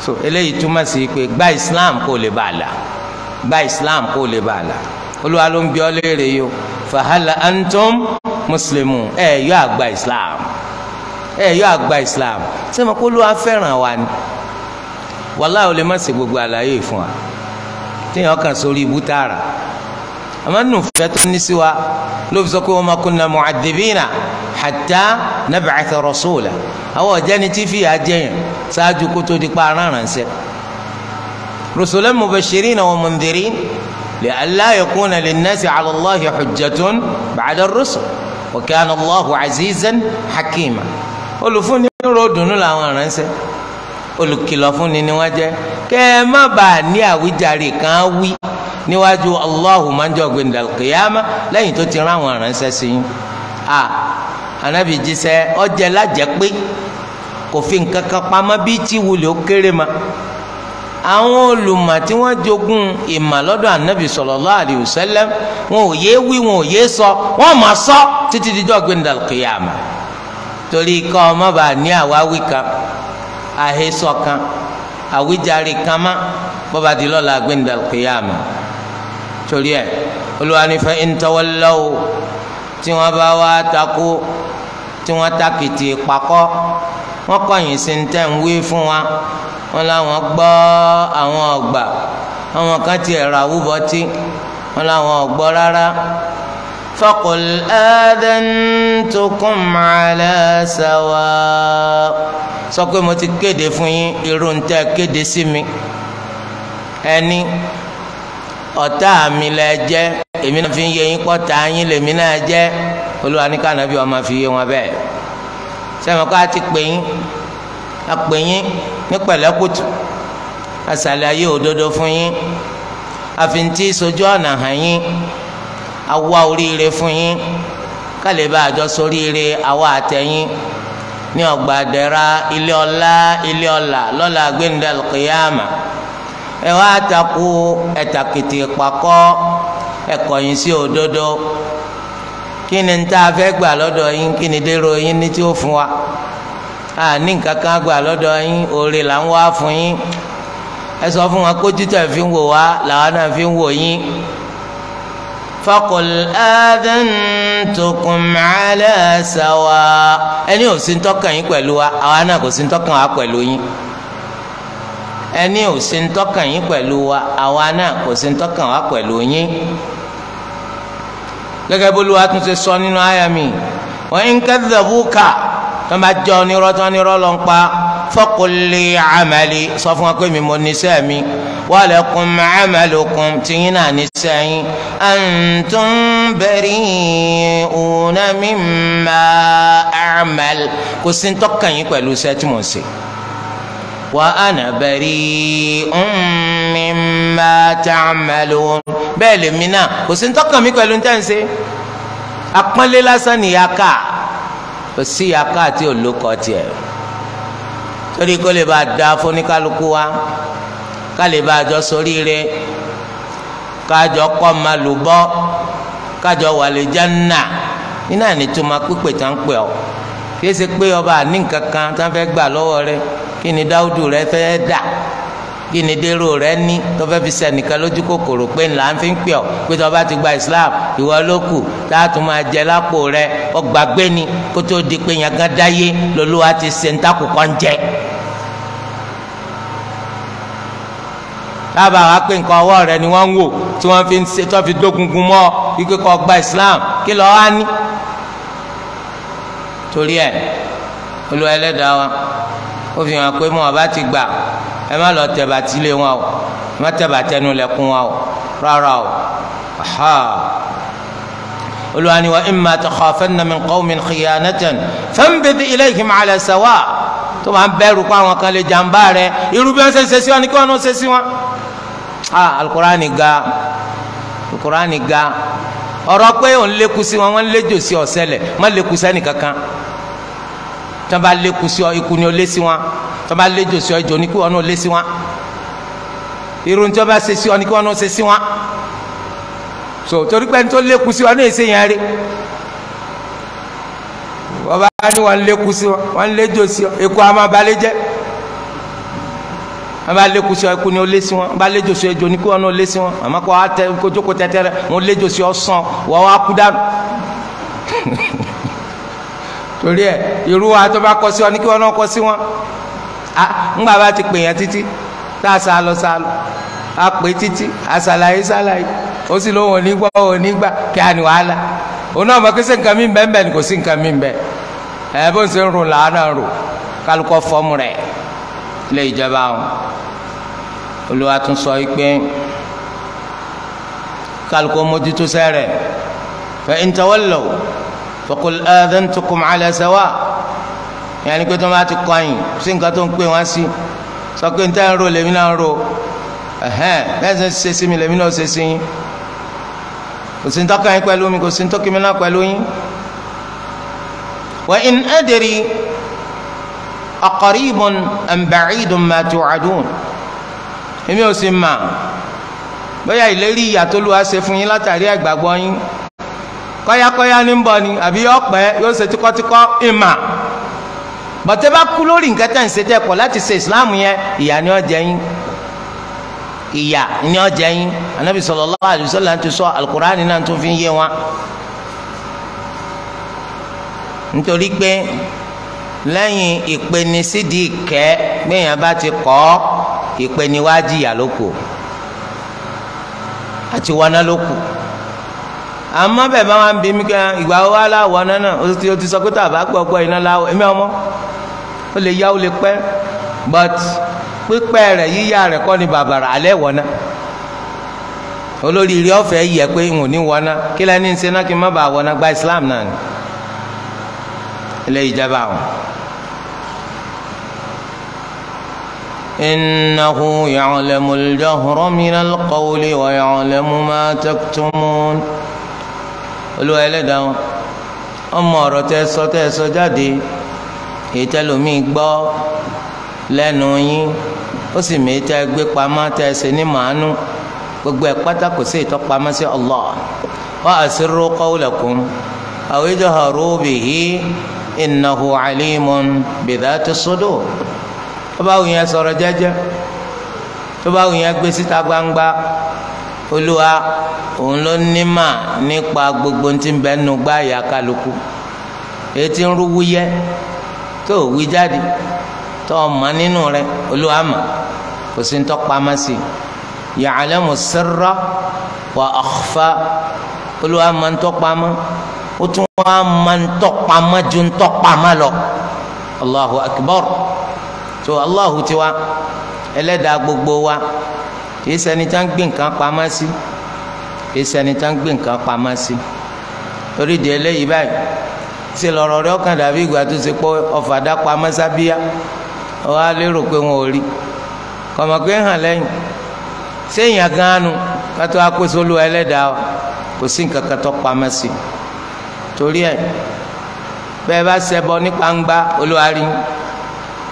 so eléyìí túmọ̀ sí pé gba islam kó lè bá a la gba islam kó lè bá a la olúwa ló ń bi ọ́ léèrè yìí o fahala antum muslimun ẹ yọ àgbà islam ẹ yọ àgbà islam sẹ́mi kó olúwa fẹ́ràn wa ni wàlá ò lè má ṣe gbogbo àlàyé fún wa téèyàn kàn sórí ibú tààrà àmọ́ nù fẹ́ tó ní sí wa ló fi sọ pé wa ma kunna mu'adhibina hatta nab'atha rasula àwọn ọ̀jẹ́ni tí fìyà jẹ́yàn ṣáájú kó tó di pa aránránṣẹ́ rusulan mubashirina wa mundhirin li'alla yakuna linnasi 'ala Allahi hujjatun ba'da ar-rusul wa kana Allahu 'azizan hakima olùfúnni ró dùnú làwọn aránṣẹ́ olùkìlọ̀ fúnni ni wọ́n jẹ́ kẹ́ ẹ má bàa ní àwíjàre kan wí níwájú Allahu máa ń kìyàmá lẹ́yìn tó ti rán àwọn aránṣẹ́ sí a anabi jíṣẹ́ ọjẹ́ lájẹ́ pé kò fi nǹkan kan pamọ́ bí tí wulẹ̀ ó kéré ma àwọn olùmọ̀ tí wọ́n jogún ìmọ̀ lọ́dọ̀ ànábì sallallahu alaihi wasallam wọn ò yé wí wọn ò yé sọ wọn mà sọ títí díjọ́ gbẹ̀ndàl kìyàmà torí kọ́ ọmọ bá ní àwáwí kan àhesọ kan àwíjàre kan má bọ́ba di lọ́la gbẹ̀ndàl kìyàmà torí ẹ̀ Olúwa ní tí wọ́n bá wá takú tí wọ́n takìtì pakọ́ wọ́n kọ̀yìn sí ń tẹ̀ ń wí fún wa wọ́n láwọn gbọ́ àwọn ọ̀gbà àwọn kan ti ẹ̀rọ àwúbọ̀tí wọ́n láwọn ọ̀gbọ́ rárá. فقل آذنتكم على سواء sọ pé mo ti kéde fún yín irú ń tẹ́ kéde sí mi ẹni ọ̀tá mi lẹ jẹ́ èmi náà fi ń yẹ yín pọ̀ tá yín lèmi náà jẹ́ olúwa ní ká nàbí ó máa fi yé wọn bẹ́ẹ̀ sẹ́mi kọ́ àti pèyín àpèyín ní pẹ̀lẹ́kùtù àṣàlàyé òdodo fún yín àfintí sojú ọ̀nà hàn yín àwa oríire fún yín kálíbà àjọ soríire àwa àtẹ̀yìn ní ọgbà àdẹ̀ra ilé ọlá ilé ọlà lọ́la gbẹ̀ndẹ̀ kìyàmà ẹ wá takú ẹ̀tàkìtì pàkọ́ ẹ̀kọ́yìn sí òdodo. kí ni tá fẹ́ gbà lọ́dọ̀ yín kí ni dèrò yín ní tí ó fún wa a ní nǹkan gbà lọ́dọ̀ yín òòrè là ń wá fún yín ẹ sọ fún wa kó fi ń wò wá làwọn fi ń wò yín. فقل آذنتكم على سواء wa awa náà kò sí ntọ́kàn wa wa gẹ́gẹ́ bó luwa tún ṣe sọ nínú àyà mi wa in kadhabuka tó máa jẹ́ onírọ́ tó onírọ́ ló ń pa faqulli amali sọ fún wa pé mi mo ní sẹ́ mi walakum amalukum tìyín náà ní sẹ́yìn antum bari'una mimma a'mal kò sí tọ́kàn yín pẹ̀lú sẹ́tìmọ̀sì wa ana bari'un mimma ta'malun bẹ́ẹ̀ lèmi náà kò sí ntọ́kàn mi pẹ̀lú ntẹ́ ń ṣe apọ́nlé lásán ni yaka kò sí yaka àti olókọ tiẹ̀ torí kó lè bá da fúnikálukú wa ká lè bá jọ ṣoríire kájọ kọ́ ma lù bọ́ kájọ wà lè Janna nínú ànituma pípé tá ń pé ọba àní nǹkan kan fẹ́ gbà lọ́wọ́ rẹ kí ni Dáúdù rẹ fẹ́ dà kí ni dèrò rẹ ní tó fẹ́ fi sẹ́nìkan lójú kòkòrò pé ńlá ń fi ń pè ọ́ pé tó bá ti gba Islam ìwọ ló kù láàtún máa jẹ lápò rẹ ọgbàgbé ni kó tó di pé yẹn gán dáyé lọ́lọ́wọ́ ti ṣe ń takùkọ́ ń jẹ. dábàá wá pé nǹkan ọwọ́ rẹ ni wọ́n ń wò tí wọ́n fi ń ṣe tó fi dógungun mọ́ ike kọ́ gba Islam kí lọ́ọ́ wá ní. torí ẹ Olúwa ẹlẹ́dàá wa ó fi hàn pé mo àbá ti gbà ẹ má lọ tẹ bàtí lé wọn o ẹ má tẹ bàtẹnu lẹkùn wọn o rárá o ha olùwàní wa imma takhafanna min qawmin khiyanatan fanbidh ilayhim ala sawa tó máa ń kó àwọn kan lè jàǹbá rẹ irú bí wọ́n sí wọn ni kí wọ́n náà ṣe sí wọn. alukurani ga alukurani ga ọ̀rọ̀ pé òun lékun sí wọn wọ́n léjò sí ọ̀sẹ̀ lẹ̀ má lékun sẹ́ni kankan tí wọ́n bá lékun sí ikú ni ó lé sí wọn tó bá léjò sí ọ ìjò ní kí wọn náà lé sí wọn irun tí wọn bá ṣe sí ọ ní kí wọn ṣe sí wọn so torí pé ní tó lékun sí wọn náà ṣe yẹn rí wọn bá ní wọn lékun sí wọn wọn léjò sí ọ èkó àwọn abalẹ jẹ wọn bá lékun sí ọ ikú ni ó lé sí wọn wọn bá léjò sí ọ ìjò ní kí wọn náà lé sí wọn àmọ́ kó wọn tẹ kójókòó tẹtẹrẹ wọn léjò sí ọ sàn wọn wá kú dànù torí ẹ irú wa tó bá kọ sí wọn ní kí wọn kọ sí wọn a ńgbà bá ti pè yẹn títí tá a sá lọ sá lọ a pè títí a sàlàyé sàlàyé ó sì lóun ò ní gbọ́ òun ò ní gbà kí a ní wàhálà òun náà mọ̀ kí nǹkan mi bẹ́ẹ̀ bẹ́ẹ̀ ni kò sí nǹkan mi bẹ́ẹ̀ ẹ bó ń ṣe ń ro làánà ro kálukọ fọ́ọ̀mù rẹ̀ ilé ìjọba wọn olùwà tún sọ yìí pé kálukọ mójútó sẹ́rẹ̀ fa in tawallaw faqul aadhantukum ìyẹn ni pé tó máa ti kọyìn sí nǹkan tó ń pè wọ́n sí sọ pé níta ń ro lèmi náà ń ro ẹ̀hẹ́n bẹ́ẹ̀ sì ń ṣe sí mi lèmi náà ṣe sí yín kò sí ń tọ́ka yín pẹ̀lú mi kò sí ń tọ́kì mi náà pẹ̀lú yín. wa in adri aqaribun am ba'idun ma tu'adun èmi ò sì mà bóyá ìlérí ìyàtọ̀ lu fún yín látàrí àgbàgbọ́ yín kọ́yákọ́yá ní ń bọ̀ ni àbí ọ̀pẹ́ yóò ṣe tíkọ́tíkọ́ ìmà. bọ̀tẹ́ bá kú lórí nǹkan tẹ̀ ń ṣe tẹ̀ kọ̀ láti islam yẹn ìyá ni ọ jẹ yín ni ọ jẹ yín anabi sọ náà fi yé wọn. nítorí pé lẹ́yìn ìpènisídìí ìkẹ́ gbẹ̀yìn bá ti kọ́ ìpèniwájú ìyà àti wọná ló àmọ́ bẹ́ẹ̀ bá wà ń bí mi kẹ́ ìgbà wo wá láwọ̀ náà náà o ti sọ pé tàbá ó lè yá ó lè pẹ́ but pípẹ́ rẹ̀ yíyá rẹ̀ kọ́ ni bàbàrà alẹ́ wọ̀ náà olórí ilé ọ̀fẹ́ yẹ pé n ò ní wọ̀ náà kí lẹ́ni ṣe náà kí n má bàa wọ̀ gba Islam náà ni ilé ìjọba àwọn. إنه يعلم الجهر من القول ويعلم ما تكتمون olúwa ẹlẹ́dàá ọmọ ọ̀rọ̀ tẹ́ sọ ètẹlómìn gbọ́ lẹ́nu yín ó sì mí tẹ́ gbé pamọ́ tẹ́ ṣe ní màánú gbogbo ẹ̀ pátá kò sí ìtọ́pamọ́ sí Allah wa asirru qawlakum aw ijharu bihi innahu alimun bidhati sudur tó bá wùyẹn sọ̀rọ̀ jẹ́jẹ́ tó bá wùyẹn gbé síta gbangba olúwa òun ló ní mà nípa gbogbo tí ń bẹ gbá ìyá kálukú èyí tí ń rú wúyẹ́ tó o wí jáde tó o mọ̀ nínú rẹ̀ olúwa mọ̀ kò sí tó pamọ́ sí i ya'lamu sirra wa akhfa olúwa mọ̀ tó pamọ́ ó tún wá mọ̀ tó pamọ́ ju tó pamọ́ lọ allahu akbar tó allahu tiwa ẹlẹ́dàá gbogbo wa kì í ṣẹni tá ń gbé nǹkan pamọ́ sí kì í ṣẹni tá gbé nǹkan pamọ́ sí orí di eléyìí báyìí ṣe lọ́rọ̀ rẹ ọkàn dàbí ìgbà tó ṣe pọ̀ ọ̀fà dápọ̀ amásábíyá wọ́n á lérò pé wọn ò rí kọ̀mọ̀ pé hàn lẹ́yìn sẹ́yìn agánnu kátó akóso ẹlẹ́dàá kò sí nǹkan kan tó pamọ́ sí torí ẹ̀ bẹ́ẹ̀ bá ṣẹbọ ní gbangba olúwarí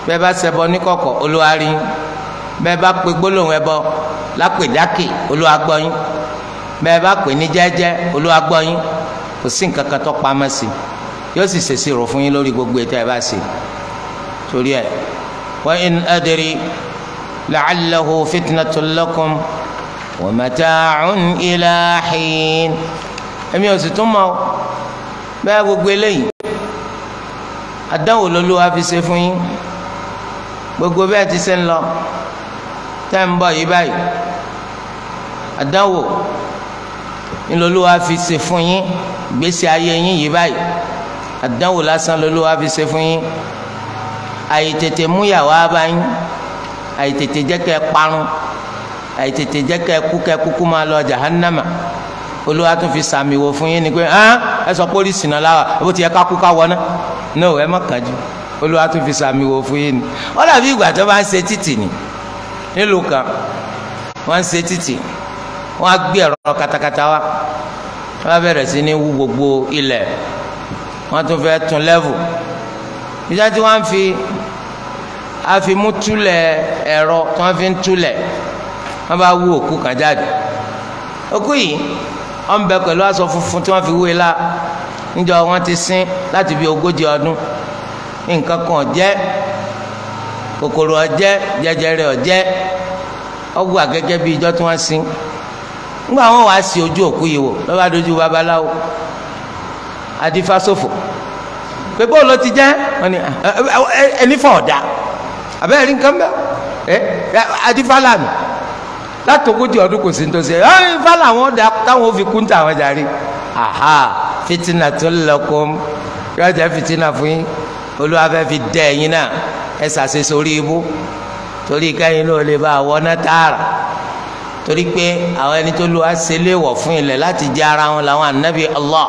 bẹ́ẹ̀ bá ṣẹbọ ní kọ̀kọ̀ olúwarí bẹ́ẹ̀ bá pe gbólóhùn ẹbọ lápèdákè olúwagbọ́yìn bẹ́ẹ̀ bá pè ní jẹ́jẹ́ olúwagbọ́yìn kò sí nǹkan kan tó pamọ́ sí yóò sì ṣèṣì rò fún yín lórí gbogbo ètò ẹ̀ bá ṣe torí ẹ̀ wa in adri la'allahu fitnatun lakum wa mata'un ila hin èmi ò sì tún mọ̀ bẹ́ẹ̀ gbogbo eléyìí àdánwò lolúwa fi ṣe fún yín gbogbo bẹ́ẹ̀ ti ṣe ń lọ tẹ́ ń bọ̀ yìí báyìí àdánwò ńlọlúwa fi ṣe fún yín gbèsè ayé yín yìí báyìí àdánwò lásán lolúwa fi se fún yín àìtètè múyàwó abáyín àìtètè jẹ́ kẹ́ parun àìtètè jẹ́ kẹ́ kú kẹ́ kúkú máa lọ jahannama olúwa tún fi sàmì wò fún yín ni pé ẹ sọ pé oríṣìí náà láwà bó ti yẹ ká kú ká wọ náà no ẹ má kánjú olúwa tún fi sàmì wò fún yín ni ó dàbí ìgbà tó bá ń ṣe títì ni nílùú kan wọ́n ń ṣe títì wọ́n á gbé ẹ̀rọ katakata wa wọ́n á bẹ̀rẹ̀ sí ní wú gbogbo ilẹ̀ wọ́n tún fẹ́ tún lẹ́vù ìjà tí wọ́n fi àfimútúlẹ̀ ẹ̀rọ tí wọ́n fi ń túlẹ̀ wọ́n bá wú òkú kan jáde òkú yìí wọ́n bẹ pẹ̀lú aṣọ funfun tí wọ́n fi wúwe la níjọ́ wọ́n ti sin láti bí ogójì ọdún nǹkan kan jẹ́ kòkòrò ọjẹ́ jẹjẹrẹ ọjẹ́ ọgbà gẹ́gẹ́ bí ìjọ tí wọ́n sin ńgbà wọ́n wàá sí ojú òkú yìí wò lọ́ba dojú babaláwo àdìfasòfò pé bóòlù ti jẹ́ ah, eh, eh, eh, ẹni fọ̀ ọ̀dà àbẹ́rẹ́ rí nǹkan bẹ́ẹ̀ ẹ àdìfálàmì látòkòtì ọdún kò sí ní tòsí ẹ ẹ fálà wọn dà táwọn fi kú ní tàwọn jàre aha fitina tó lọkọm yóò jẹ fitina fún yín olúwa fẹ́ fi dẹ ẹ̀yin náà ẹ sàṣẹ sórí ibú torí kẹ́yìn ló lè bá àwọn náà tààrà torí pé àwọn ẹni tó lu àṣẹlẹ̀ wọ̀ fún ilẹ̀ láti jẹ ara wọn làwọn anabi Allah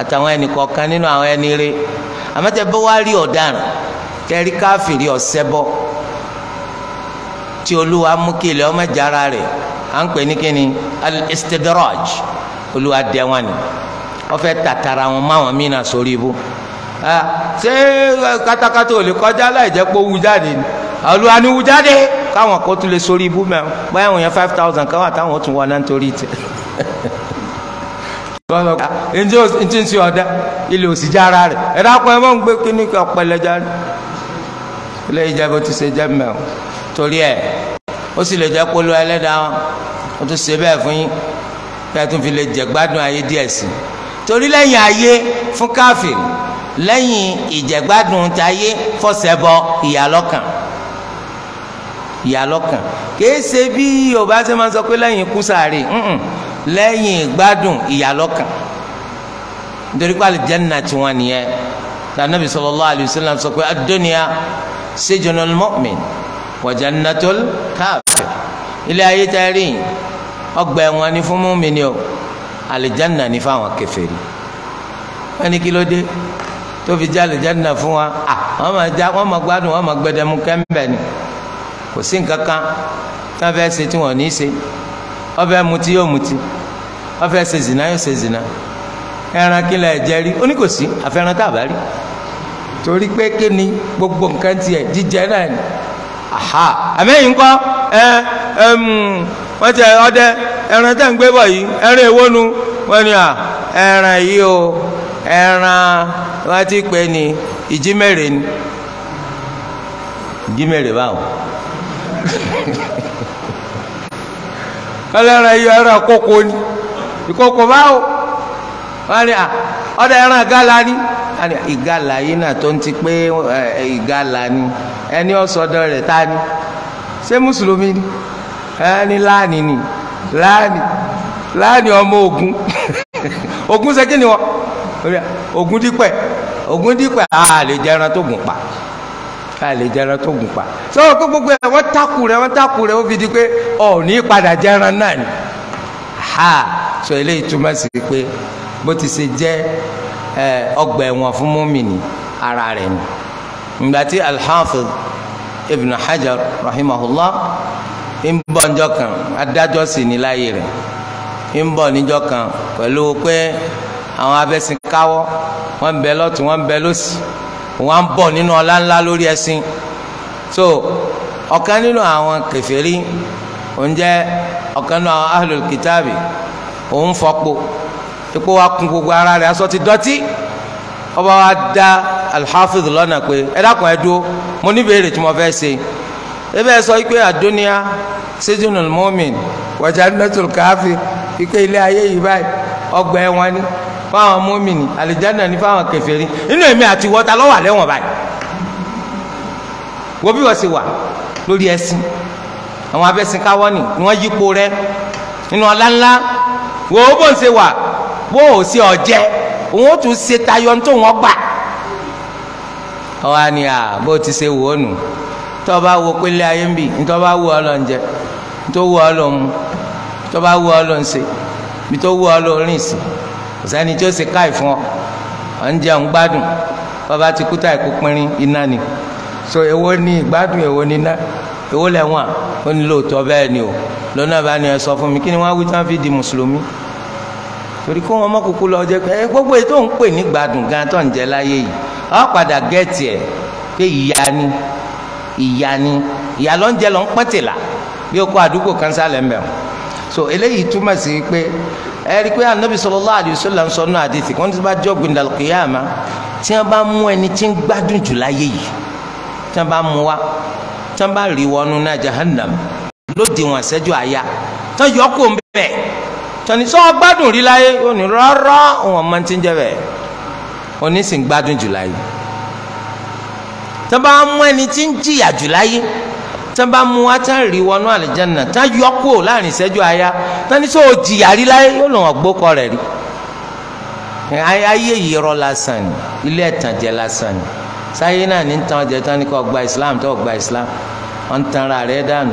àtàwọn ẹnì kọ̀ọ̀kan nínú àwọn ẹni rẹ àmọ́tẹ́ bó wá rí ọ̀daràn tẹ́rí káfìrí ọ̀sẹ́bọ tí olúwa mú kí ilẹ̀ ọmọ jara rẹ̀ à ń pè ní kíni al-istidraj olúwa dẹ́wọ̀n ni wọ́n fẹ́ tàtàrà wọn máwọn mìíràn sórí ibú ṣé katakata ò lè kọjá láì jẹ́ pé ó wú jáde ni olúwa ni wú jáde káwọn kó tún lè sórí ibú mẹ́wọ́n báyà wọ́n five thousand káwọn àtàwọn ó tún wọ́n náà nítorí tẹ̀. lọ́sọ̀ ká ntí ntí nsí ọ̀dẹ́ ilé òsìjà ara rẹ̀ ẹ̀dá kan ẹ̀ máa ń gbé kíní kan pẹlẹjà rẹ̀ ilé ìjà bó ti ṣe jẹ́ mẹ́ o torí ẹ̀ ó sì lè jẹ́ polú ẹlẹ́dàá wọn ó tún ṣe bẹ́ẹ̀ fún yín kí ẹ tún fi lè jẹ gbádùn ayé díẹ̀ sí i torí lẹ́yìn ayé fún káfíìn lẹ́yìn ìjẹ̀gbádùn táyé fọ̀sẹ̀bọ ìyàlọ́kàn ìyàlọ́kàn kìí ṣe bí Yorùbá ṣe máa ń sọ pé lẹ́yìn kú sáré lẹ́yìn ìgbádùn ìyàlọ́kàn nítorí pé àlùjánnà tiwọn nìyẹn tànàbí sallallahu alayhi wa sallam sọ pé ad-dunya sijnul mu'min wa jannatul kafir ilé ayé tá a rí yìí ọgbà ẹ̀wọ̀n ni fún mùmínì o àlùjánnà ni fáwọn kèfèrí wọ́n ní kí ló dé tó fi jẹ́ àlùjánnà fún wa wọ́n máa já wọ́n máa gbádùn wọ́n máa gbẹdẹmú kẹ́ńbẹ̀ ni kò sí nǹkan kan tí wọ́n fẹ́ ṣe tí wọ́n ní í ṣe wọ́n fẹ́ mutí yóò mutí wọ́n sezina ṣe sezina ẹran torí pé kí gbogbo nǹkan tiẹ̀ jíjẹ náà ni aha àmẹ́yìn kọ́ ẹ wọ́n ti ọdẹ ẹran tẹ̀ ń gbé bọ̀ yìí ẹran èwo nu wọ́n ní à ẹran yìí o ẹran wọ́n pè ní ìjímẹ̀rẹ̀ ìkókò báwo wọ́n ní ọ̀dà ẹran gala ni ìgalà yìí náà tó ń ti pé ìgalà ni ẹni ọ̀sọ̀dọ̀ rẹ̀ ta ni ṣé mùsùlùmí ni ẹni láàní ni láàní láàní ọmọ ogun ogun ṣe kí ni wọ́n ogun dípẹ́ ogun dípẹ́ a lè jẹ ẹran tó gùn pa a lè jẹ ẹran tó gùn pa sọ wọn kó gbogbo ẹ wọn takù rẹ wọn takù rẹ ó fi di pé ọ ní padà jẹ ẹran náà ni ha so eléyìí túmọ̀ sí pé bó ti ṣe jẹ́ ọgbà ẹ̀wọ̀n fún mọ́mìnì ara rẹ̀ ni ngbàtí alhafiz ibn hajar rahimahullah ń bọ̀ níjọ́ kan adájọ́ sì ní láyé rẹ̀ ń bọ̀ níjọ́ kan pẹ̀lú pé àwọn abẹ́sìn káwọ́ wọ́n bẹ lọ́tún wọ́n bẹ lọ́sì wọ́n bọ̀ nínú ọlá ńlá lórí ẹ̀sìn so ọ̀kan nínú àwọn kèfèrí oúnjẹ ọ̀kan náà ahlul kitabi òun fọpo ipò wa kun gbogbo ara rẹ̀ aṣọ ti dọ̀tí ọba wa da alhafiz lọ́nà pé ẹ dákun ẹ dúró mo ní ìbéèrè tí mo fẹ́ ṣe ebe ẹ sọ pé àdóníyà sejunul mu'min wa jannatul kafir pé ilé ayé yìí báyìí ọgbà ẹ̀wọ̀n ni fáwọn mọ́mìnì àlìjáná ni fáwọn kèfèrí inú èmi àti wọ́ta lọ́wọ́ àlẹ́wọ̀n báyìí wo bí wọ́n ṣe wà lórí ẹ̀sìn àwọn abẹ́sìn káwọ́ ni ni wọ́n yípo rẹ nínú ọlá ńlá wo bó ń ṣe wà wo ò ṣe ọ̀jẹ́ òun ó tún ṣe tayọ tó wọ́n gbà ọ̀hún ni à bó ti ṣe wò ó nù tó bá wo pélé ayé ń bì tó bá wo ọ jẹ tó wo ọ mu tó bá wo ọ ṣe bí tó wo ọ rìn sí kò sẹ́ni tí ó ṣe káì fún ọ ọ̀ ń gbádùn bàbá ti kú táì kú iná ni so èwo ni ìgbádùn èwo ni iná èwo lẹ́wọ̀n ó ní lóòótọ́ bẹ́ẹ̀ ni o lọ́nà bá ní ẹ sọ fún mi kí ni wọ́n á wí tí wọ́n fi di mùsùlùmí torí kó wọn mọ́kúkú lọ jẹ pé gbogbo ètò ń pè ní gbádùn gan tó ń jẹ láyé yìí ọ padà gẹ́ẹ̀tì ẹ̀ pé ìyá ni ìyá ni ìyá ló ń jẹ ló ń pẹ́tìlà bí o kó àdúgbò kan sálẹ̀ mbẹ̀ o so eléyìí túmọ̀ sí pé ẹ rí i pé anabi sallallahu alaihi wasallam ń sọ náà àdìsí kí wọ́n ti bá jọ gbìndàlù kìyàmá tí wọ́n bá mú ẹni tí ń gbádùn jù láyé yìí tí wọ́n bá mú wa tán bá rí wọnú náà jahannam lóde wọn ṣẹ́jú àyà tán yọ kó ń tani sọ gbádùn rí láyé ó ní rárá òun ọmọ ti ń jẹ bẹ́ẹ̀ onísìn gbádùn jù láyé tán bá mú ẹni tí ń jìyà jù láyé tán bá mú wa tán rí wọnú àlìjáná tán yọ láàrin ìṣẹ́jú àyà tán sọ jìyà rí láyé yóò lọ́wọ́ gbókọ rẹ̀ rí ayé yìí rọ lásán ni ilé ẹ̀tànjẹ lásán ni sáyé náà ní tán ọjà tán ní kò gba islam tó gba islam wọn tanra rẹ dànù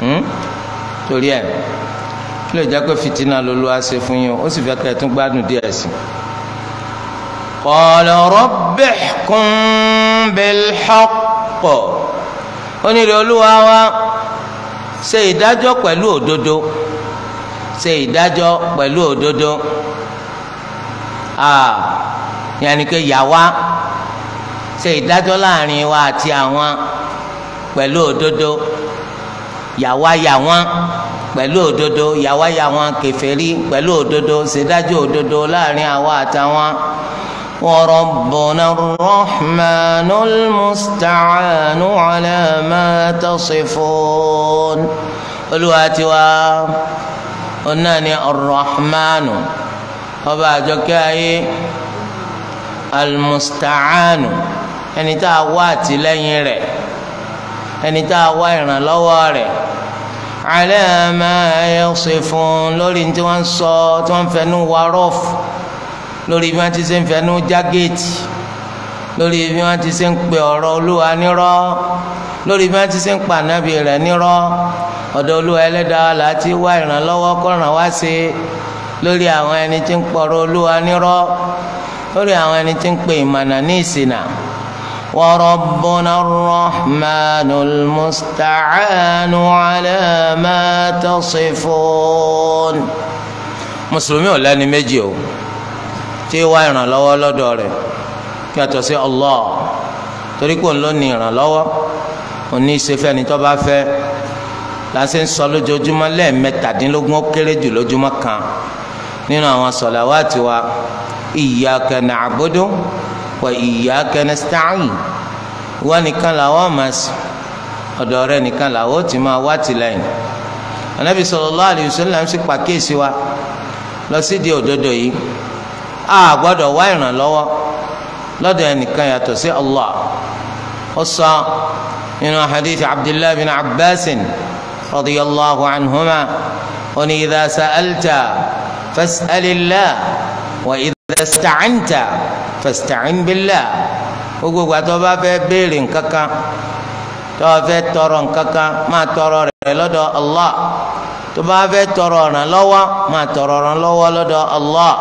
hmm? torí ẹ kí ló jẹ pé fìtínà lolúwa ṣe fún yín ó sì fẹ́ kẹ́ ẹ tún gbádùn díẹ̀ sí i. qala rabbihkum bil haqq ó ní ìrẹ olúwa wa ṣe ìdájọ́ pẹ̀lú òdodo ṣe ìdájọ́ pẹ̀lú òdodo yàní pé yà wá ṣe ìdájọ́ láàrin wa àti àwọn pẹ̀lú òdodo yàwá yà wọ́n pẹ̀lú òdodo yàwá yà wọ́n kèfèrí pẹ̀lú òdodo ṣèdájọ́ òdodo láàrin àwa àtàwọn. وربنا الرحمن المستعان على ما تصفون olùwàtiwà ọ̀nà ni arrahmanu ọba àjọkẹ́ ayé almustacaanu ẹni tá a wá àtìlẹ́yìn rẹ̀ ẹni tá a wá ìrànlọ́wọ́ rẹ̀ alẹ́ máa yẹ ṣe fún un lórí tí wọ́n ń sọ tí wọ́n ń fẹnu wa rọ́ọ̀fù lórí bí wọ́n ti ṣe ń fẹnu jágéètì lórí bí wọ́n ti ṣe ń pe ọ̀rọ̀ olúwa nírọ́ lórí bí wọ́n ti ṣe ń pa ànábì rẹ̀ nírọ́ ọ̀dọ̀ olúwa ẹlẹ́dàá láti wá ìrànlọ́wọ́ kó ràn wá ṣe lórí àwọn ẹni tí ń pọ̀rọ̀ olúwa nírọ́ lórí àwọn ẹni tí ń pe ìmọ̀nà ní ìsìnà. وربنا الرحمن المستعان على ما تصفون mùsùlùmí ولا lẹ́ni تي وين tí wá ìrànlọ́wọ́ lọ́dọ̀ rẹ̀ kí a tọ́ sí Allah torí pé òun ló ní ìrànlọ́wọ́ òun ní í ṣe fẹ́ni tó bá fẹ́ láti ń sọ lójoojúmọ́ lẹ́ẹ̀mẹ́tàdínlógún ó wa iyyaka nasta'in wọ́n nìkan làwọn máa sìn ọ̀dọ̀ rẹ̀ nìkan làwọn ó ti máa wá tìlẹ́yìn anabi sallallahu alayhi wa sallam sì pàkíyèsí wa lọ sí di òdodo yìí a gbọ́dọ̀ wá ìrànlọ́wọ́ lọ́dọ̀ ẹnìkan yàtọ̀ sí Allah ó sọ nínú hadith abdullahi bin abbasin radiyallahu anhuma ó ní idha sa'alta fas'alillah wa idha ista'anta fasta'in billah gbogbo àti ọba fẹ́ béèrè nǹkankan tó o fẹ́ tọrọ nǹkankan máa tọrọ rẹ̀ lọ́dọ̀ Allah tó bá fẹ́ tọrọ ọ̀ràn lọ́wọ́ máa tọrọ ọ̀ràn lọ́wọ́ lọ́dọ̀ Allah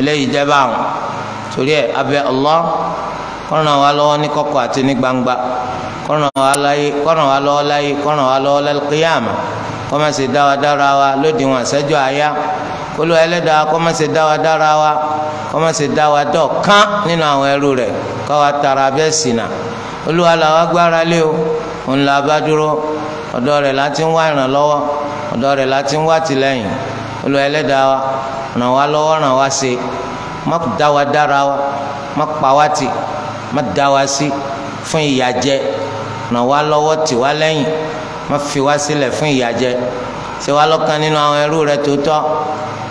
eléyìí jẹ́ báwọn torí ẹ̀ abẹ́ Allah kọ́nà wa lọ́wọ́ ní kọ̀kọ̀ àti ní gbangba kọ́nà wa láyé kọ́nà wa lọ́wọ́ láyé kọ́nà wa lọ́wọ́ lálùkíyàmà kọ́má dáwà dára wa lódiwọ̀n àṣẹjọ́ àyà kólú ẹlẹ́dàá kọ́mọ́sẹ̀ dáwà dára wa kọ́mọ́sẹ̀ dáwà dọ̀ kán nínú àwọn ẹrú rẹ̀ káwa tara bẹ́ẹ̀ ṣìnà olúwa làwa gbára lé o òun là bá dúró ọ̀dọ̀ rẹ̀ láti ń wá ìrànlọ́wọ́ ọ̀dọ̀ rẹ̀ láti ń wá tìlẹ́yìn olúwa ẹlẹ́dàá wa ràn wá lọ́wọ́ ràn wá ṣe má dáwà dára wa má pa wá tì má dáwà sí fún ìyàjẹ ràn wá lọ́wọ́ tì wá lẹ́yìn má fi wá sílẹ̀ fún ìyàjẹ ṣe wá lọ́kàn nínú àwọn ẹrú rẹ̀ tó tọ́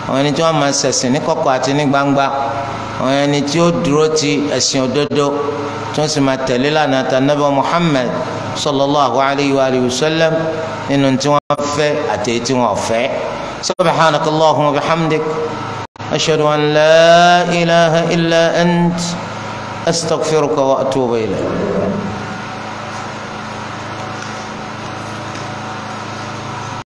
àwọn ẹni tí wọ́n máa ṣẹ̀sìn ní kọ̀kọ̀ àti ní gbangba àwọn ẹni tí ó dúró ti ẹ̀sìn òdodo tí wọ́n sì máa tẹ̀lé lànà tànàbọ̀ Muhammad sallallahu alayhi wa alihi wa nínú tí wọ́n fẹ́ àti tí wọ́n fẹ́. subhanaka allahumma wa bihamdik ashhadu an la ilaha illa ant astaghfiruka wa atubu ilayk.